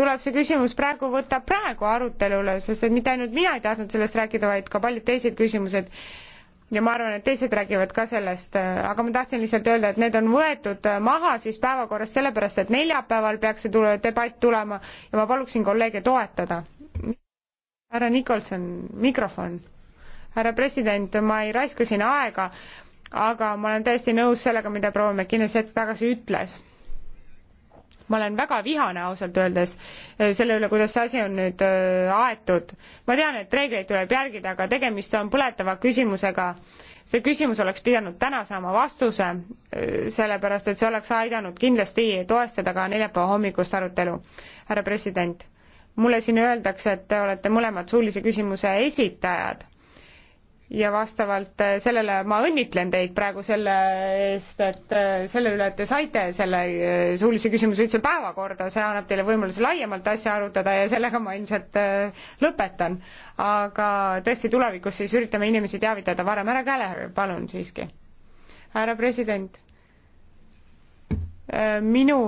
tuleb see küsimus praegu võtta praegu arutelule, sest et mitte ainult mina ei tahtnud sellest rääkida, vaid ka paljud teised küsimused ja ma arvan, et teised räägivad ka sellest, äh, aga ma tahtsin lihtsalt öelda, et need on võetud äh, maha siis päevakorrast sellepärast, et neljapäeval peaks see tule, debatt tulema ja ma paluksin kolleege toetada. härra Nikolson, mikrofon. härra president, ma ei raiska siin aega, aga ma olen täiesti nõus sellega, mida proua McKinnis hetk tagasi ütles ma olen väga vihane ausalt öeldes eh, selle üle, kuidas see asi on nüüd eh, aetud. ma tean, et reegleid tuleb järgida, aga tegemist on põletava küsimusega. see küsimus oleks pidanud täna saama vastuse, eh, sellepärast et see oleks aidanud kindlasti toestada ka neljapäeva hommikust arutelu. härra president, mulle siin öeldakse, et te olete mõlemad suulise küsimuse esitajad ja vastavalt äh, sellele ma õnnitlen teid praegu selle eest, et äh, selle üle, et te saite selle äh, suulise küsimuse üldse päevakorda, see annab teile võimaluse laiemalt asja arutada ja sellega ma ilmselt lõpetan. aga tõesti, tulevikus siis üritame inimesi teavitada varem, härra Käler, palun siiski. härra president, minu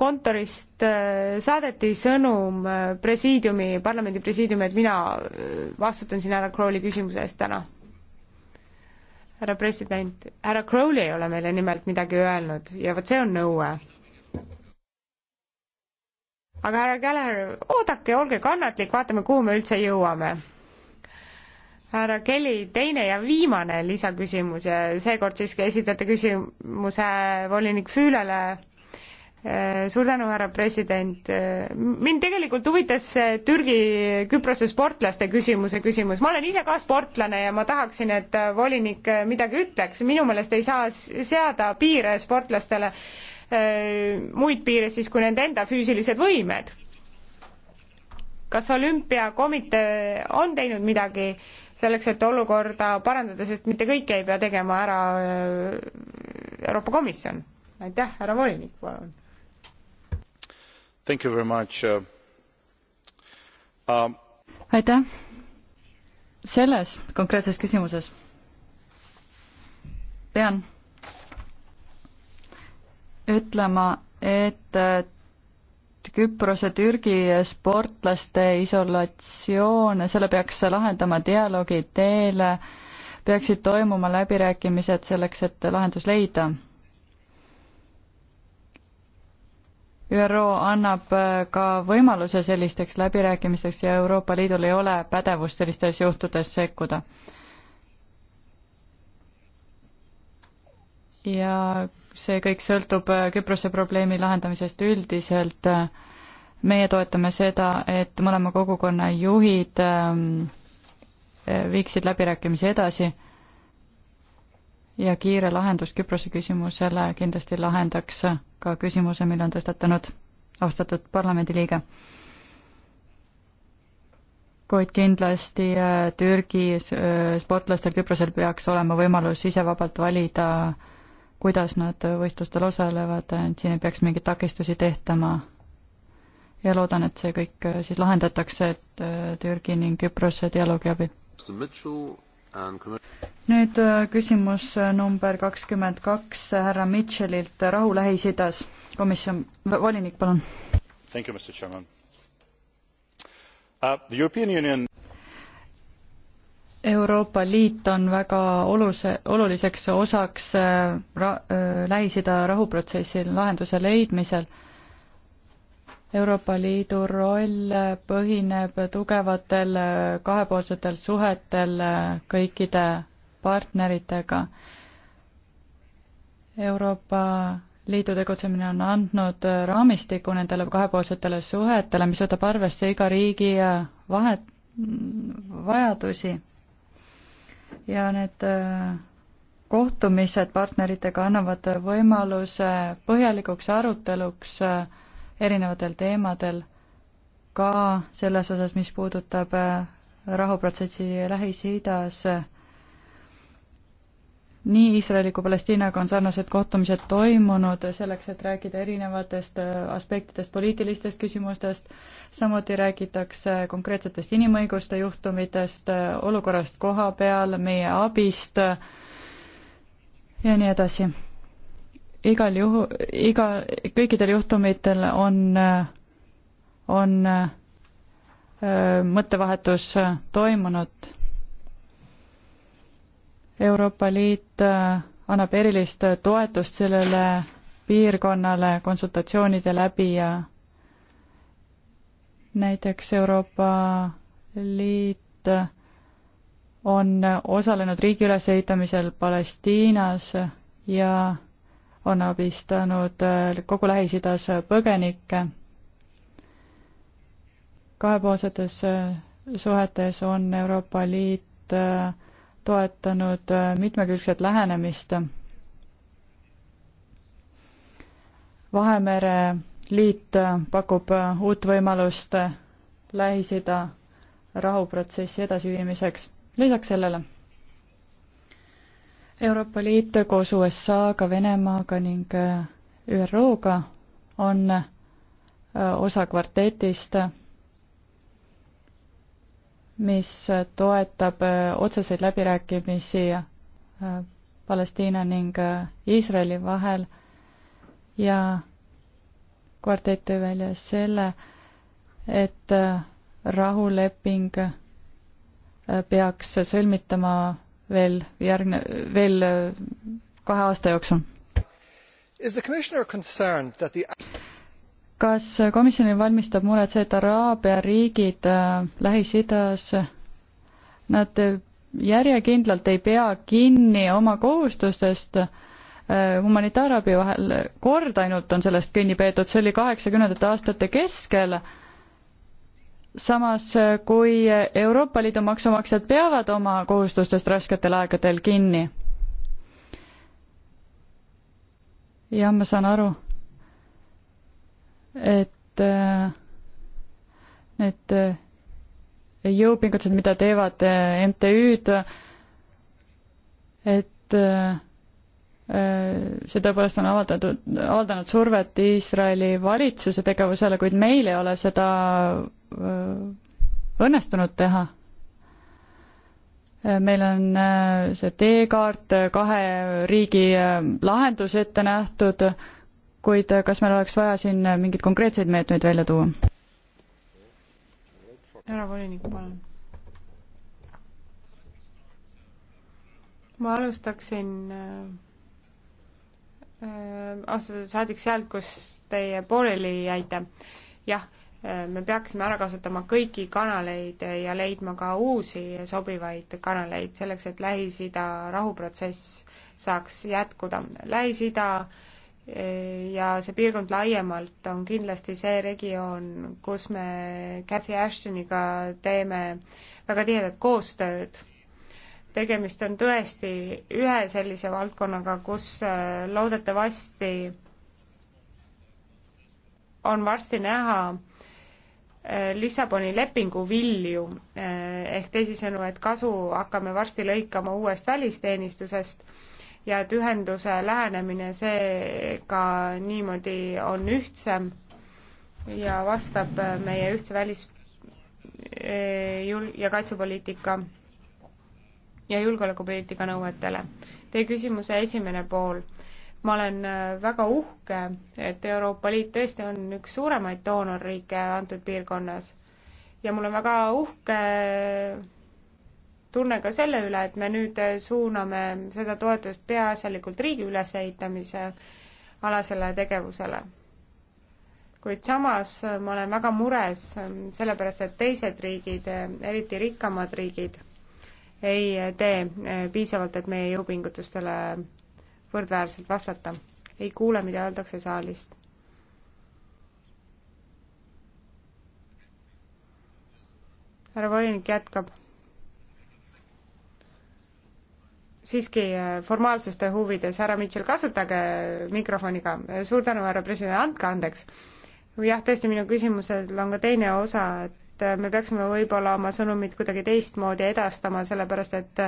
kontorist äh, saadeti sõnum äh, presiidiumi, parlamendi presiidiumi, et mina äh, vastutan siin härra Crowley küsimuse eest täna. härra president, härra Crowley ei ole meile nimelt midagi öelnud ja vot see on nõue. aga härra Gallagher, oodake, olge kannatlik, vaatame, kuhu me üldse jõuame härra Kelly, teine ja viimane lisaküsimus ja seekord siiski esitate küsimuse volinik Füülele Äh, suur tänu, härra president. Äh, mind tegelikult huvitas Türgi-Küprose sportlaste küsimuse küsimus. ma olen ise ka sportlane ja ma tahaksin, et äh, volinik midagi ütleks. minu meelest ei saa seada piire sportlastele, muid piire siis kui nende enda füüsilised võimed. kas olümpiakomitee on teinud midagi selleks, et olukorda parandada, sest mitte kõike ei pea tegema ära Euroopa Komisjon? aitäh, härra volinik, palun Uh, um... aitäh! selles konkreetses küsimuses pean ütlema, et Küprose Türgi sportlaste isolatsioon, selle peaks lahendama dialoogi teel, peaksid toimuma läbirääkimised selleks, et lahendus leida ÜRO annab äh, ka võimaluse sellisteks läbirääkimisteks ja Euroopa Liidul ei ole pädevust sellistes juhtudes sekkuda. ja see kõik sõltub äh, Küprose probleemi lahendamisest üldiselt. meie toetame seda, et mõlema kogukonna juhid ähm, äh, viiksid läbirääkimisi edasi ja kiire lahendus Küprose küsimusele kindlasti lahendaks ka küsimuse, mille on tõstatanud austatud parlamendiliige. kuid kindlasti äh, Türgi äh, sportlastel Küprosel peaks olema võimalus ise vabalt valida, kuidas nad võistlustel osalevad, siin ei peaks mingeid takistusi tehtama. ja loodan, et see kõik äh, siis lahendatakse, et Türgi ning Küprose dialoogi abil nüüd äh, küsimus äh, number kakskümmend kaks härra Mitchellilt äh, rahu Lähis-Idas. komisjon, volinik, palun. Uh, Euroopa Liit on väga oluse, oluliseks osaks ra-, Lähis-Ida rahuprotsessil lahenduse leidmisel Euroopa Liidu roll põhineb tugevatel kahepoolsetel suhetel kõikide partneritega. Euroopa Liidu tegutsemine on andnud raamistiku nendele kahepoolsetele suhetele, mis võtab arvesse iga riigi vahet, vajadusi. ja need äh, kohtumised partneritega annavad võimaluse põhjalikuks aruteluks äh, erinevatel teemadel, ka selles osas, mis puudutab äh, rahuprotsessi Lähis-Idas. nii Iisraeli kui Palestiinaga on sarnased kohtumised toimunud selleks, et rääkida erinevatest äh, aspektidest, poliitilistest küsimustest, samuti räägitakse konkreetsetest inimõiguste juhtumitest, äh, olukorrast koha peal, meie abist ja nii edasi igal juhu, iga, kõikidel juhtumitel on, on mõttevahetus toimunud. Euroopa Liit annab erilist toetust sellele piirkonnale konsultatsioonide läbi ja näiteks Euroopa Liit on osalenud riigi ülesehitamisel Palestiinas ja on abistanud äh, kogu Lähis-Idas põgenikke. kahepoolsetes äh, suhetes on Euroopa Liit äh, toetanud mitmekülgset lähenemist. Vahemere liit pakub uut võimalust Lähis-Ida rahuprotsessi edasiviimiseks. lisaks sellele Euroopa Liit koos USA-ga, Venemaaga ning äh, ÜRO-ga on äh, osa kvartetist, mis toetab äh, otseseid läbirääkimisi Palestiina ning Iisraeli vahel ja kvartett tõi välja selle, et rahuleping peaks sõlmitama veel järgne, veel äh, kahe aasta jooksul. The... kas komisjonil valmistab muret see, et Araabia riigid äh, Lähis-Idas, nad järjekindlalt ei pea kinni oma kohustustest äh, humanitaarabi vahel, kord ainult on sellest kinni peetud, see oli kaheksakümnendate aastate keskel samas kui Euroopa Liidu maksumaksjad peavad oma kohustustest rasketel aegadel kinni. jah, ma saan aru, et need jõupingutused, mida teevad MTÜ-d, et Äh, see tõepoolest on avaldatud, avaldanud survet Iisraeli valitsuse tegevusele, kuid meil ei ole seda äh, õnnestunud teha. Äh, meil on see teekaart, kahe riigi lahendus ette nähtud, kuid kas meil oleks vaja siin mingeid konkreetseid meetmeid välja tuua? härra volinik, palun ma alustaksin Äh, austatud saadik sealt, kus teie pooleli jäite. jah, äh, me peaksime ära kasutama kõiki kanaleid ja leidma ka uusi sobivaid kanaleid selleks, et Lähis-Ida rahuprotsess saaks jätkuda. Lähis-Ida äh, ja see piirkond laiemalt on kindlasti see regioon, kus me Cathy Ashtoniga teeme väga tihedat koostööd tegemist on tõesti ühe sellise valdkonnaga, kus äh, loodetavasti on varsti näha äh, Lissaboni lepingu vilju, äh, ehk teisisõnu, et kasu hakkame varsti lõikama uuest välisteenistusest ja et ühenduse lähenemine seega niimoodi on ühtsem ja vastab meie ühtse välis- ja kaitsepoliitika ja julgeolekupoliitika nõuetele. Teie küsimuse esimene pool. ma olen äh, väga uhke, et Euroopa Liit tõesti on üks suuremaid doonorriike antud piirkonnas ja mul on väga uhke äh, tunne ka selle üle, et me nüüd äh, suuname seda toetust peaasjalikult riigi ülesehitamise alasele tegevusele. kuid samas ma olen väga mures sellepärast, et teised riigid, eriti rikkamad riigid ei tee eh, piisavalt, et meie jõupingutustele võrdväärselt vastata. ei kuule, mida öeldakse saalist. härra volinik jätkab. siiski eh, formaalsuste huvides, härra Mitchell, kasutage mikrofoni ka. suur tänu, härra president, andke andeks. jah, tõesti, minu küsimusel on ka teine osa, et et me peaksime võib-olla oma sõnumit kuidagi teistmoodi edastama, sellepärast et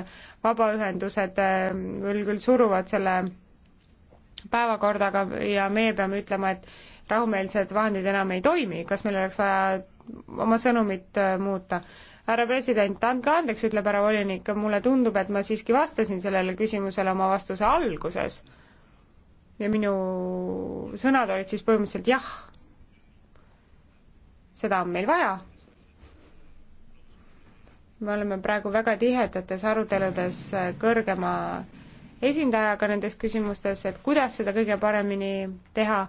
vabaühendused küll, äh, küll suruvad selle päevakordaga ja meie peame ütlema, et rahumeelsed vahendid enam ei toimi, kas meil oleks vaja oma sõnumit äh, muuta? härra president, andke andeks, ütleb härra volinik, mulle tundub, et ma siiski vastasin sellele küsimusele oma vastuse alguses. ja minu sõnad olid siis põhimõtteliselt jah seda on meil vaja me oleme praegu väga tihedates aruteludes äh, kõrgema esindajaga nendes küsimustes, et kuidas seda kõige paremini teha,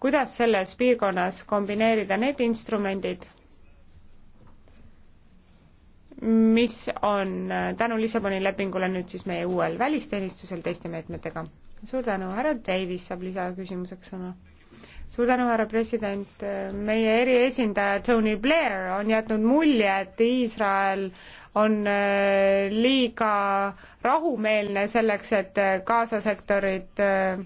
kuidas selles piirkonnas kombineerida need instrumendid, mis on äh, tänu Lissaboni lepingule nüüd siis meie uuel välisteenistusel teiste meetmetega. suur tänu, härra Davis saab lisaküsimuseks sõna suur tänu, härra president. meie eriesindaja Tony Blair on jätnud mulje, et Iisrael on äh, liiga rahumeelne selleks, et äh, Gaza sektorit äh,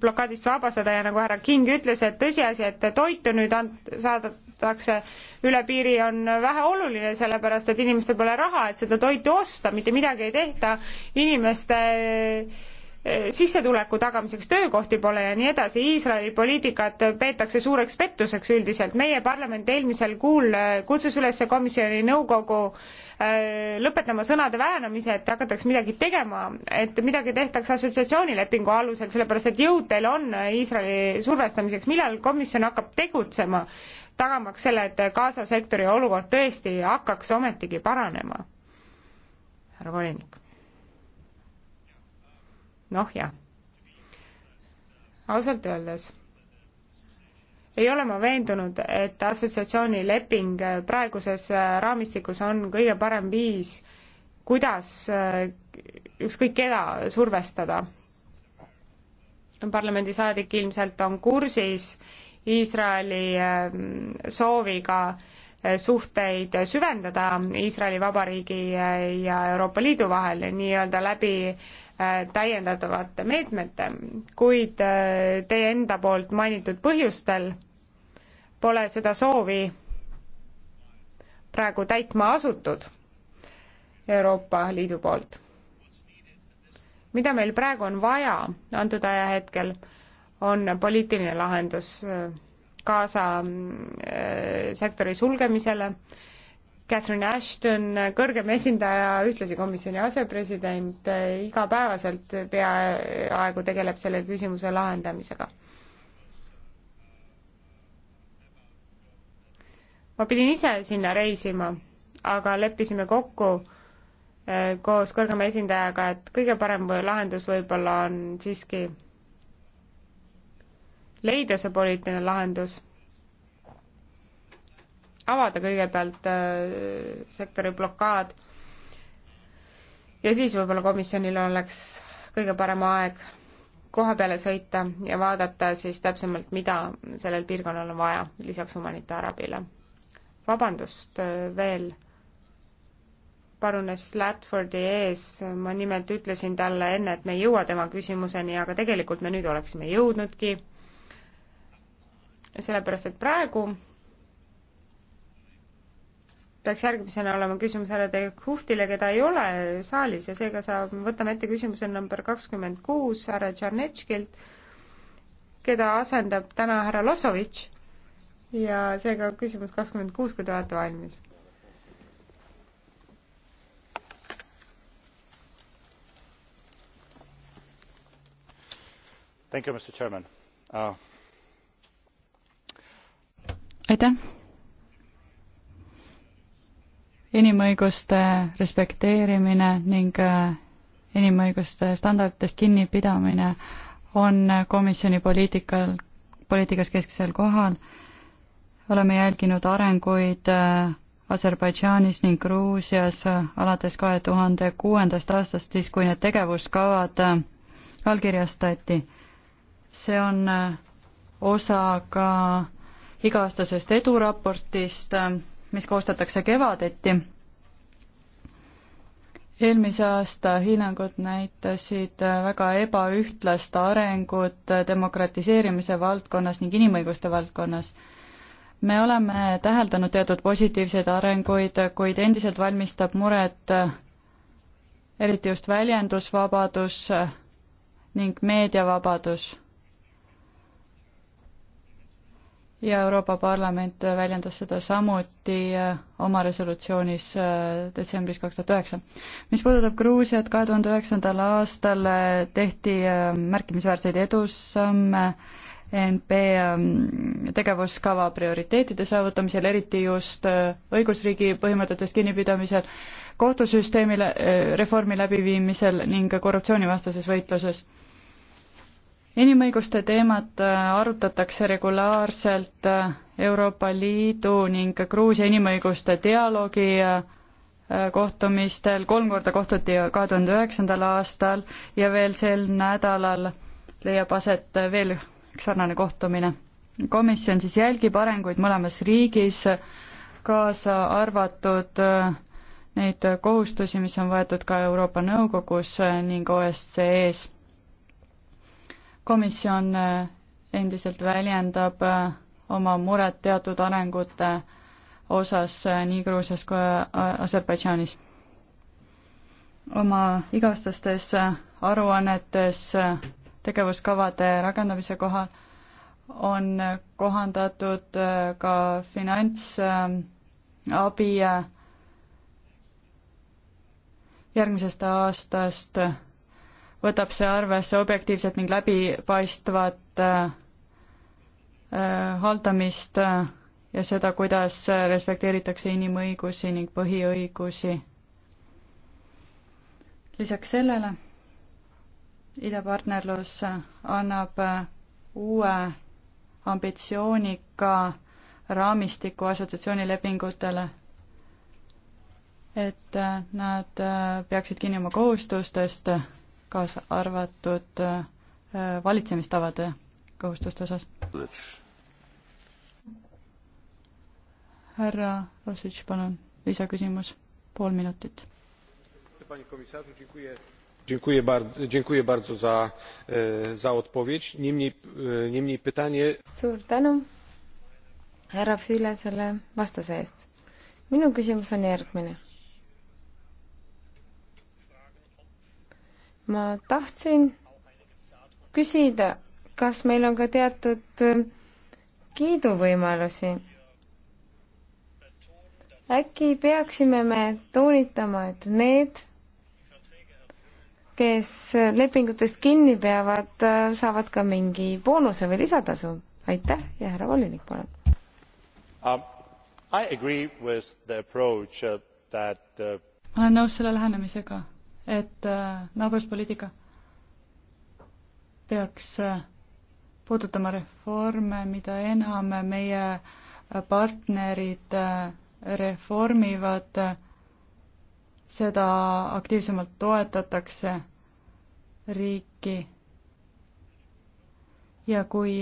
blokaadist vabastada ja nagu härra King ütles, et tõsiasi, et toitu nüüd ant-, saadetakse üle piiri, on väheoluline, sellepärast et inimestel pole raha, et seda toitu osta, mitte midagi ei tehta, inimeste äh, Eh, sissetuleku tagamiseks töökohti pole ja nii edasi. Iisraeli poliitikat peetakse suureks pettuseks üldiselt. meie parlament eelmisel kuul eh, kutsus üles komisjoni nõukogu eh, lõpetama sõnade väänamise, et hakataks midagi tegema, et midagi tehtaks assotsiatsioonilepingu alusel, sellepärast et jõud teil on Iisraeli survestamiseks. millal komisjon hakkab tegutsema, tagamaks selle, et Gaza sektori olukord tõesti hakkaks ometigi paranema? härra volinik noh jah, ausalt öeldes ei ole ma veendunud, et assotsiatsioonileping praeguses raamistikus on kõige parem viis, kuidas äh, ükskõik keda survestada. parlamendisaadik ilmselt on kursis Iisraeli äh, sooviga äh, suhteid süvendada Iisraeli Vabariigi ja Euroopa Liidu vahel nii-öelda läbi Äh, täiendavate meetmete, kuid äh, teie enda poolt mainitud põhjustel pole seda soovi praegu täitma asutud Euroopa Liidu poolt. mida meil praegu on vaja antud ajahetkel, on poliitiline lahendus Gaza äh, sektori sulgemisele äh, Catherine Ashton, kõrgem esindaja, ühtlasi komisjoni asepresident, igapäevaselt peaaegu tegeleb selle küsimuse lahendamisega. ma pidin ise sinna reisima, aga leppisime kokku eh, koos kõrgema esindajaga, et kõige parem lahendus võib-olla on siiski leida see poliitiline lahendus avada kõigepealt äh, sektori blokaad ja siis võib-olla komisjonil oleks kõige parem aeg koha peale sõita ja vaadata siis täpsemalt, mida sellel piirkonnal on vaja lisaks humanitaarabile. vabandust äh, veel, parunes Ladfordi ees, ma nimelt ütlesin talle enne, et me ei jõua tema küsimuseni, aga tegelikult me nüüd oleksime jõudnudki, sellepärast et praegu peaks järgmisena olema küsimus härra De Huhtile, keda ei ole saalis ja seega saab, võtame ette küsimuse number kakskümmend kuus härra Tšarnetškilt, keda asendab täna härra Lossovitš ja seega küsimus kakskümmend kuus, kui te olete valmis You, uh... aitäh inimõiguste respekteerimine ning äh, inimõiguste standarditest kinnipidamine on komisjoni poliitikal, poliitikas kesksel kohal. oleme jälginud arenguid äh, Aserbaidžaanis ning Gruusias äh, alates kahe tuhande kuuendast aastast, siis kui need tegevuskavad allkirjastati. see on osa ka iga-aastasest eduraportist äh, mis koostatakse kevadeti. eelmise aasta hinnangud näitasid väga ebaühtlast arengut demokratiseerimise valdkonnas ning inimõiguste valdkonnas me oleme täheldanud teatud positiivseid arenguid, kuid endiselt valmistab muret eriti just väljendusvabadus ning meediavabadus. ja Euroopa Parlament väljendas seda samuti äh, oma resolutsioonis äh, detsembris kaks tuhat üheksa. mis puudutab Gruusiat, kahe tuhande üheksandal aastal äh, tehti märkimisväärseid edusamme NP ähm, tegevuskava prioriteetide saavutamisel, eriti just õigusriigi põhimõtetest kinnipidamisel, kohtusüsteemi reformi läbiviimisel ning korruptsioonivastases võitluses inimõiguste teemat äh, arutatakse regulaarselt äh, Euroopa Liidu ning Gruusia inimõiguste dialoogi äh, kohtumistel, kolm korda kohtuti kahe tuhande üheksandal aastal ja veel sel nädalal leiab aset veel üks sarnane kohtumine. komisjon siis jälgib arenguid mõlemas riigis, kaasa arvatud neid kohustusi, mis on võetud ka Euroopa Nõukogus ning OSCE-s komisjon äh, endiselt väljendab äh, oma muret teatud arengute osas äh, nii Gruusias kui Aserbaidžaanis. oma igastastes aruannetes tegevuskavade rakendamise kohal on kohandatud ka finantsabi järgmisest aastast võtab see arvesse objektiivset ning läbipaistvat äh, äh, haldamist äh, ja seda, kuidas respekteeritakse inimõigusi ning põhiõigusi. lisaks sellele idapartnerlus annab uue ambitsioonika raamistiku assotsiatsioonilepingutele, et nad peaksid kinni oma kohustustest kaasa arvatud äh, valitsemistavade kohustuste osas. härra Rositš, palun, lisaküsimus, pool minutit. Dziękuję bardzo za, e, za odpowiedź. Niemniej, e, niemniej pytanie. Suur tänu härra Füüle selle vastuse eest. minu küsimus on järgmine ma tahtsin küsida, kas meil on ka teatud äh, kiiduvõimalusi? äkki peaksime me toonitama, et need, kes lepingutest kinni peavad, äh, saavad ka mingi boonuse või lisatasu. aitäh ja härra volinik, palun um,. Uh, uh, ma olen nõus selle lähenemisega et äh, naabruspoliitika peaks äh, puudutama reforme, mida enam meie äh, partnerid reformivad, seda aktiivsemalt toetatakse riiki. ja kui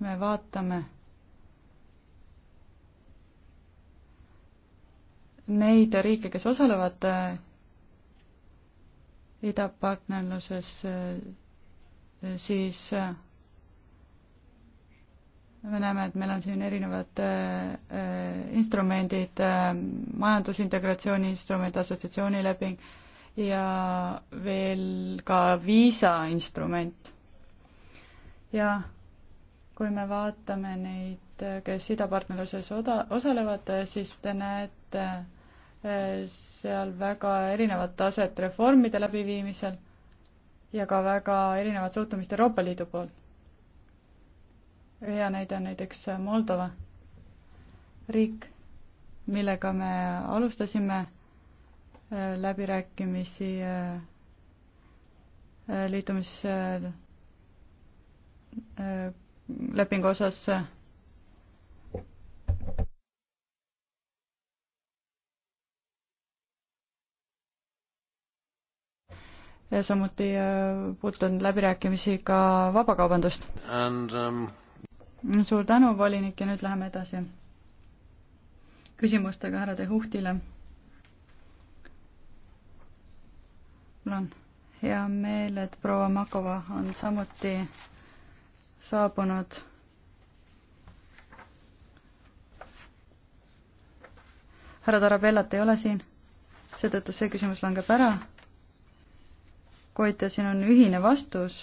me vaatame neid riike, kes osalevad idapartnerluses, eh, siis eh, me näeme, et meil on siin erinevad eh, instrumendid, majandusintegratsiooni instrument, assotsiatsioonileping ja veel ka viisainstrument. ja kui me vaatame neid, kes idapartnerluses oda-, osalevad, siis te näete, seal väga erinevat taset reformide läbiviimisel ja ka väga erinevat suhtumist Euroopa Liidu poolt. hea näide on näiteks Moldova, riik, millega me alustasime äh, läbirääkimisi äh, äh, liitumislepingu osas ja samuti äh, puudutan läbirääkimisi ka vabakaubandust. Um... suur tänu, volinik, ja nüüd läheme edasi küsimustega härra De Huhtile. mul on hea meel, et proua Makova on samuti saabunud. härra Tarabellat ei ole siin, seetõttu see küsimus langeb ära kuid siin on ühine vastus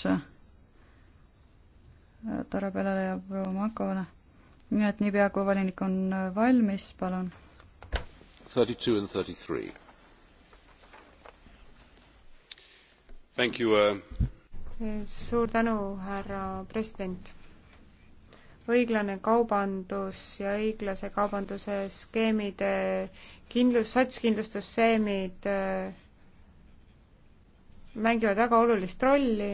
Tarabellale ja proua Makovale. nii et niipea, kui volinik on valmis, palun. Uh... suur tänu, härra president õiglane kaubandus ja õiglase kaubanduse skeemide kindlus, satskindlustusskeemid uh, mängivad väga olulist rolli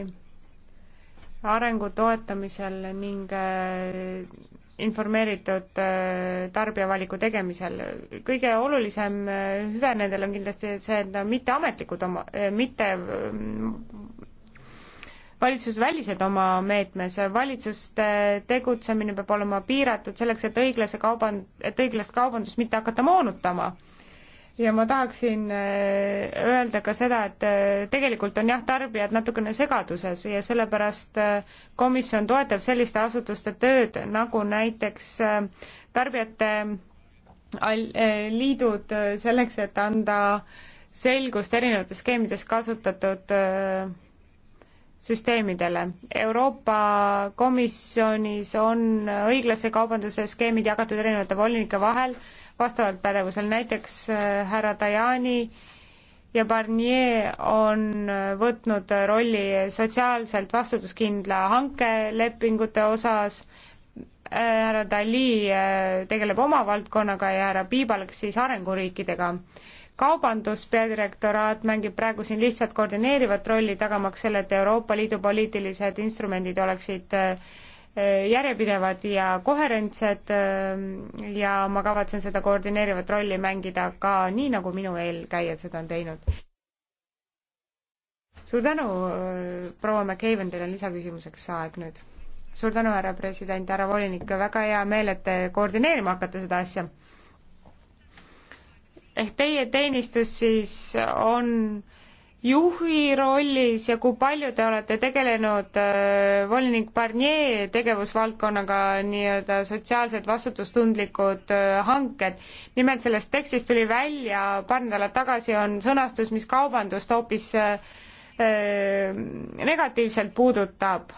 arengu toetamisel ning äh, informeeritud äh, tarbijavaliku tegemisel. kõige olulisem äh, hüve nendel on kindlasti see, et nad mitteametlikud oma, mitte mm, valitsusvälised oma meetmes, valitsuste tegutsemine peab olema piiratud selleks, et õiglase kauban-, et õiglast kaubandust mitte hakata moonutama ja ma tahaksin äh, öelda ka seda, et äh, tegelikult on jah, tarbijad natukene segaduses ja sellepärast äh, komisjon toetab selliste asutuste tööd, nagu näiteks tarbijate liidud selleks, et anda selgust erinevates skeemides kasutatud süsteemidele. Euroopa Komisjonis on õiglase kaubanduse skeemid jagatud erinevate volinike vahel vastavalt pädevusel, näiteks äh, härra Tajani ja Barnier on äh, võtnud rolli sotsiaalselt vastutuskindla hankelepingute osas, äh, härra Dali tegeleb oma valdkonnaga ja härra Piibalg siis arenguriikidega. kaubanduspeadirektoraat mängib praegu siin lihtsalt koordineerivat rolli, tagamaks selle, et Euroopa Liidu poliitilised instrumendid oleksid äh, järjepidevad ja koherentsed ähm, ja ma kavatsen seda koordineerivat rolli mängida ka nii, nagu minu eelkäijad seda on teinud. suur tänu, äh, proua McCaven, teil on lisaküsimuseks aeg nüüd. suur tänu, härra president, härra volinik, väga hea meel, et te koordineerima hakkate seda asja. ehk teie teenistus siis on äh, juhi rollis ja kui palju te olete tegelenud äh, volinik Barnier tegevusvaldkonnaga nii-öelda sotsiaalselt vastutustundlikud äh, hanked. nimelt sellest tekstist tuli välja paar nädalat tagasi on sõnastus, mis kaubandust hoopis äh, äh, negatiivselt puudutab.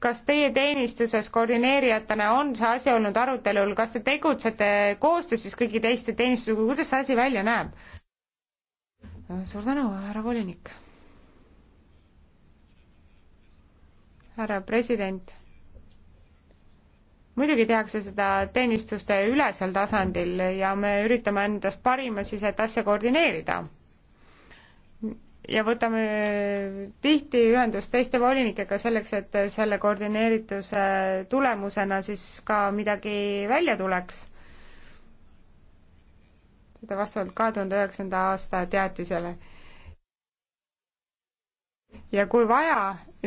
kas teie teenistuses koordineerijatena on see asi olnud arutelul, kas te tegutsete koostöös siis kõigi teiste teenistusega, kuidas see asi välja näeb? Äh, suur tänu, härra volinik. härra president. muidugi tehakse seda teenistuste ülesel tasandil ja me üritame endast parima siis, et asja koordineerida. ja võtame tihti ühendust teiste volinikega selleks, et selle koordineerituse tulemusena siis ka midagi välja tuleks seda vastavalt kahe tuhande üheksanda aasta teatisele. ja kui vaja,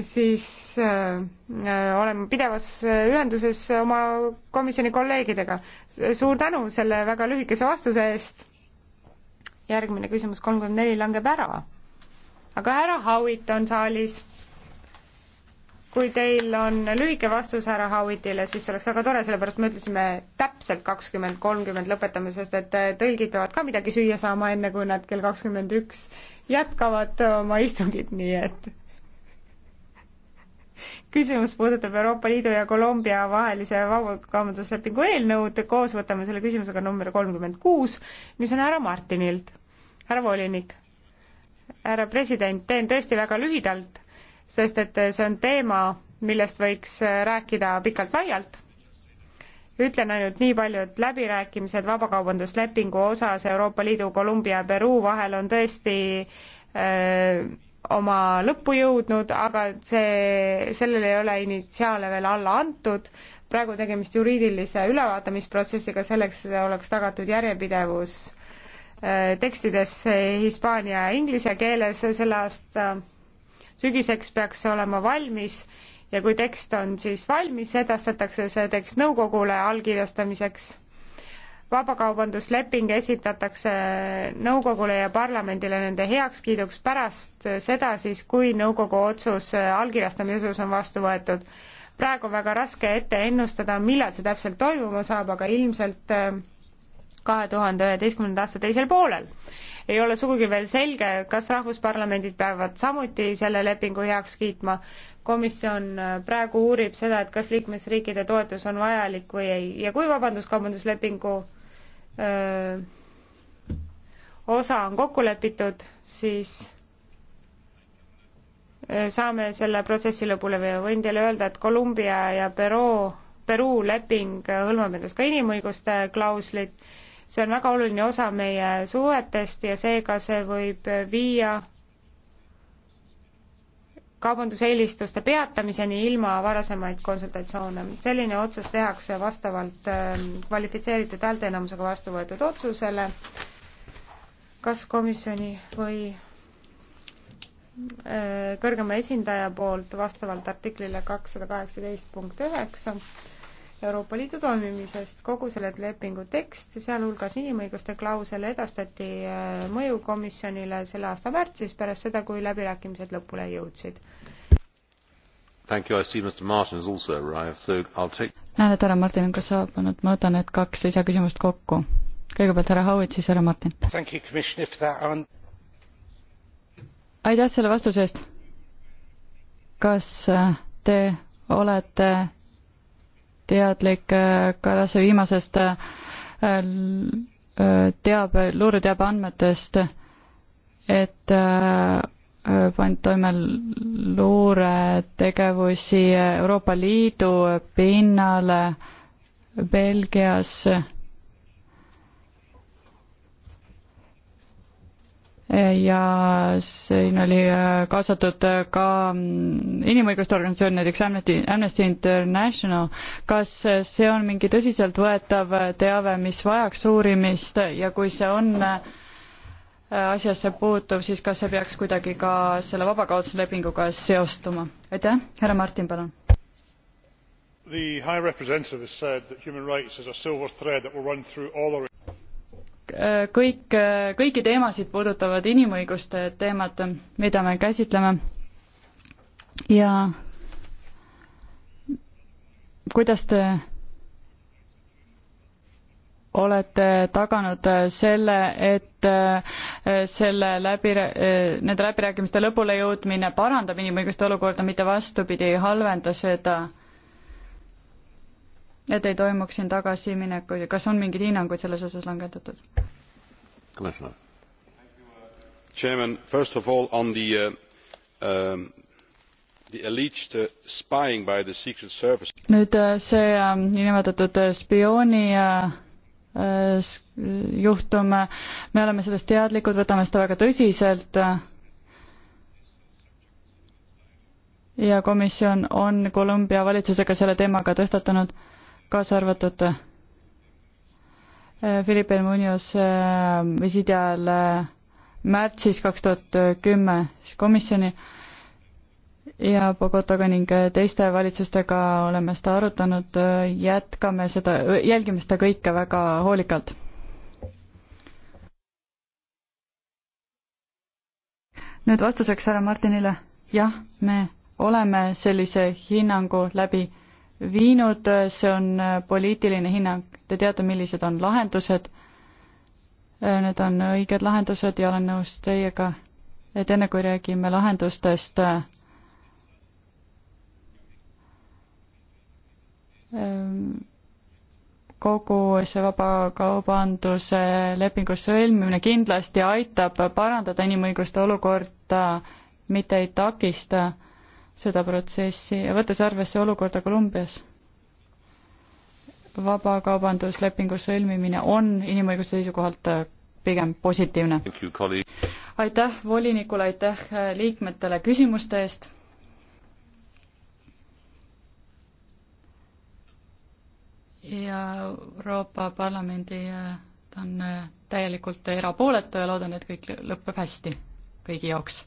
siis äh, äh oleme pidevas ühenduses oma komisjoni kolleegidega. suur tänu selle väga lühikese vastuse eest. järgmine küsimus, kolmkümmend neli, langeb ära. aga härra Howitt on saalis kui teil on lühike vastus härra Howitile, siis oleks väga tore, sellepärast me ütlesime täpselt kakskümmend kolmkümmend lõpetame, sest et äh, tõlgid peavad ka midagi süüa saama, enne kui nad kell kakskümmend üks jätkavad oma istungit, nii et küsimus puudutab Euroopa Liidu ja Kolumbia vahelise vabakaubanduslepingu eelnõud, koos võtame selle küsimusega number kolmkümmend kuus, mis on härra Martinilt. härra volinik, härra president, teen tõesti väga lühidalt sest et see on teema, millest võiks äh, rääkida pikalt-laialt. ütlen ainult nii palju, et läbirääkimised vabakaubanduslepingu osas Euroopa Liidu, Kolumbia ja Peruu vahel on tõesti öö, äh, oma lõppu jõudnud, aga see, sellele ei ole initsiaale veel alla antud, praegu tegemist juriidilise ülevaatamisprotsessiga, selleks oleks tagatud järjepidevus äh, tekstides hispaania ja inglise keeles selle aasta sügiseks peaks see olema valmis ja kui tekst on siis valmis, edastatakse see tekst nõukogule allkirjastamiseks. vabakaubandusleping esitatakse nõukogule ja parlamendile nende heakskiiduks pärast seda siis, kui nõukogu otsus allkirjastamise osas on vastu võetud. praegu on väga raske ette ennustada, millal see täpselt toimuma saab, aga ilmselt äh, kahe tuhande üheteistkümnenda aasta teisel poolel ei ole sugugi veel selge, kas rahvusparlamendid peavad samuti selle lepingu heaks kiitma. komisjon äh, praegu uurib seda, et kas liikmesriikide toetus on vajalik või ei ja kui vabanduskaubanduslepingu öö, äh, osa on kokku lepitud, siis äh, saame selle protsessi lõpule viia. võin teile öelda, et Kolumbia ja Peru, Peru leping hõlmab endas ka inimõiguste klauslit see on väga oluline osa meie suhetest ja seega see võib viia kaubanduseelistuste peatamiseni ilma varasemaid konsultatsioone. selline otsus tehakse vastavalt ähm, kvalifitseeritud häälteenamusega vastu võetud otsusele, kas komisjoni või äh, kõrgema esindaja poolt vastavalt artiklile kakssada kaheksateist punkt üheksa Euroopa Liidu toimimisest. kogu selle lepingu tekst, sealhulgas inimõiguste klausel, edastati äh, mõjukomisjonile selle aasta märtsis, pärast seda, kui läbirääkimised lõpule jõudsid. näen, et härra Martin on ka saabunud, ma võtan need kaks lisaküsimust kokku. kõigepealt härra Howitt, siis härra Martin. aitäh selle vastuse eest. kas äh, te olete teadlik äh, Kallase viimasest äh, äh, teabe, luureteabe andmetest, et pandi toime luuretegevusi Euroopa Liidu pinnale Belgias ja siin oli äh, kaasatud äh, ka mm, inimõiguste organisatsioon, näiteks Amnesty, Amnesty International. kas äh, see on mingi tõsiseltvõetav teave, mis vajaks uurimist ja kui see on asjasse puutuv, siis kas see peaks kuidagi ka selle vabakaotuslepinguga seostuma? aitäh, härra Martin, palun. The High Representative has said that human rights is a silver thread that will run through all our kõik, kõiki teemasid puudutavad inimõiguste teemad, mida me käsitleme. ja kuidas te olete taganud selle, et äh, selle läbi, äh, nende läbirääkimiste lõpule jõudmine parandab inimõiguste olukorda, mitte vastupidi, ei halvenda seda et ei toimuks siin tagasiminekuid ja kas on mingeid hinnanguid selles osas langetatud? First of all on the uh, um, the alleged uh, spying by the secret service. nüüd uh, see äh, niinimetatud uh, spiooni äh, juhtum, me oleme sellest teadlikud, võtame seda väga tõsiselt ja komisjon on Kolumbia valitsusega selle teema ka tõstatanud kaasa arvatud Felipe äh, Munoz äh, visiidi ajal äh, märtsis kaks tuhat kümme siis komisjoni ja Bogotaga ning teiste valitsustega oleme seda arutanud, jätkame seda, jälgime seda kõike väga hoolikalt. nüüd vastuseks härra Martinile, jah, me oleme sellise hinnangu läbi viinud, see on poliitiline hinnang, te teate, millised on lahendused, need on õiged lahendused ja olen nõus teiega, et enne kui räägime lahendustest, kogu see vabakaubanduse lepingu sõlmimine kindlasti aitab parandada inimõiguste olukorda, mitte ei takista äh, seda protsessi ja võttes arvesse olukorda Kolumbias, vabakaubanduslepingu sõlmimine on inimõiguste seisukohalt äh, pigem positiivne. aitäh volinikule, aitäh äh, liikmetele küsimuste eest. ja Euroopa Parlamendi äh, ta on täielikult erapooletu ja loodan, et kõik lõpeb hästi kõigi jaoks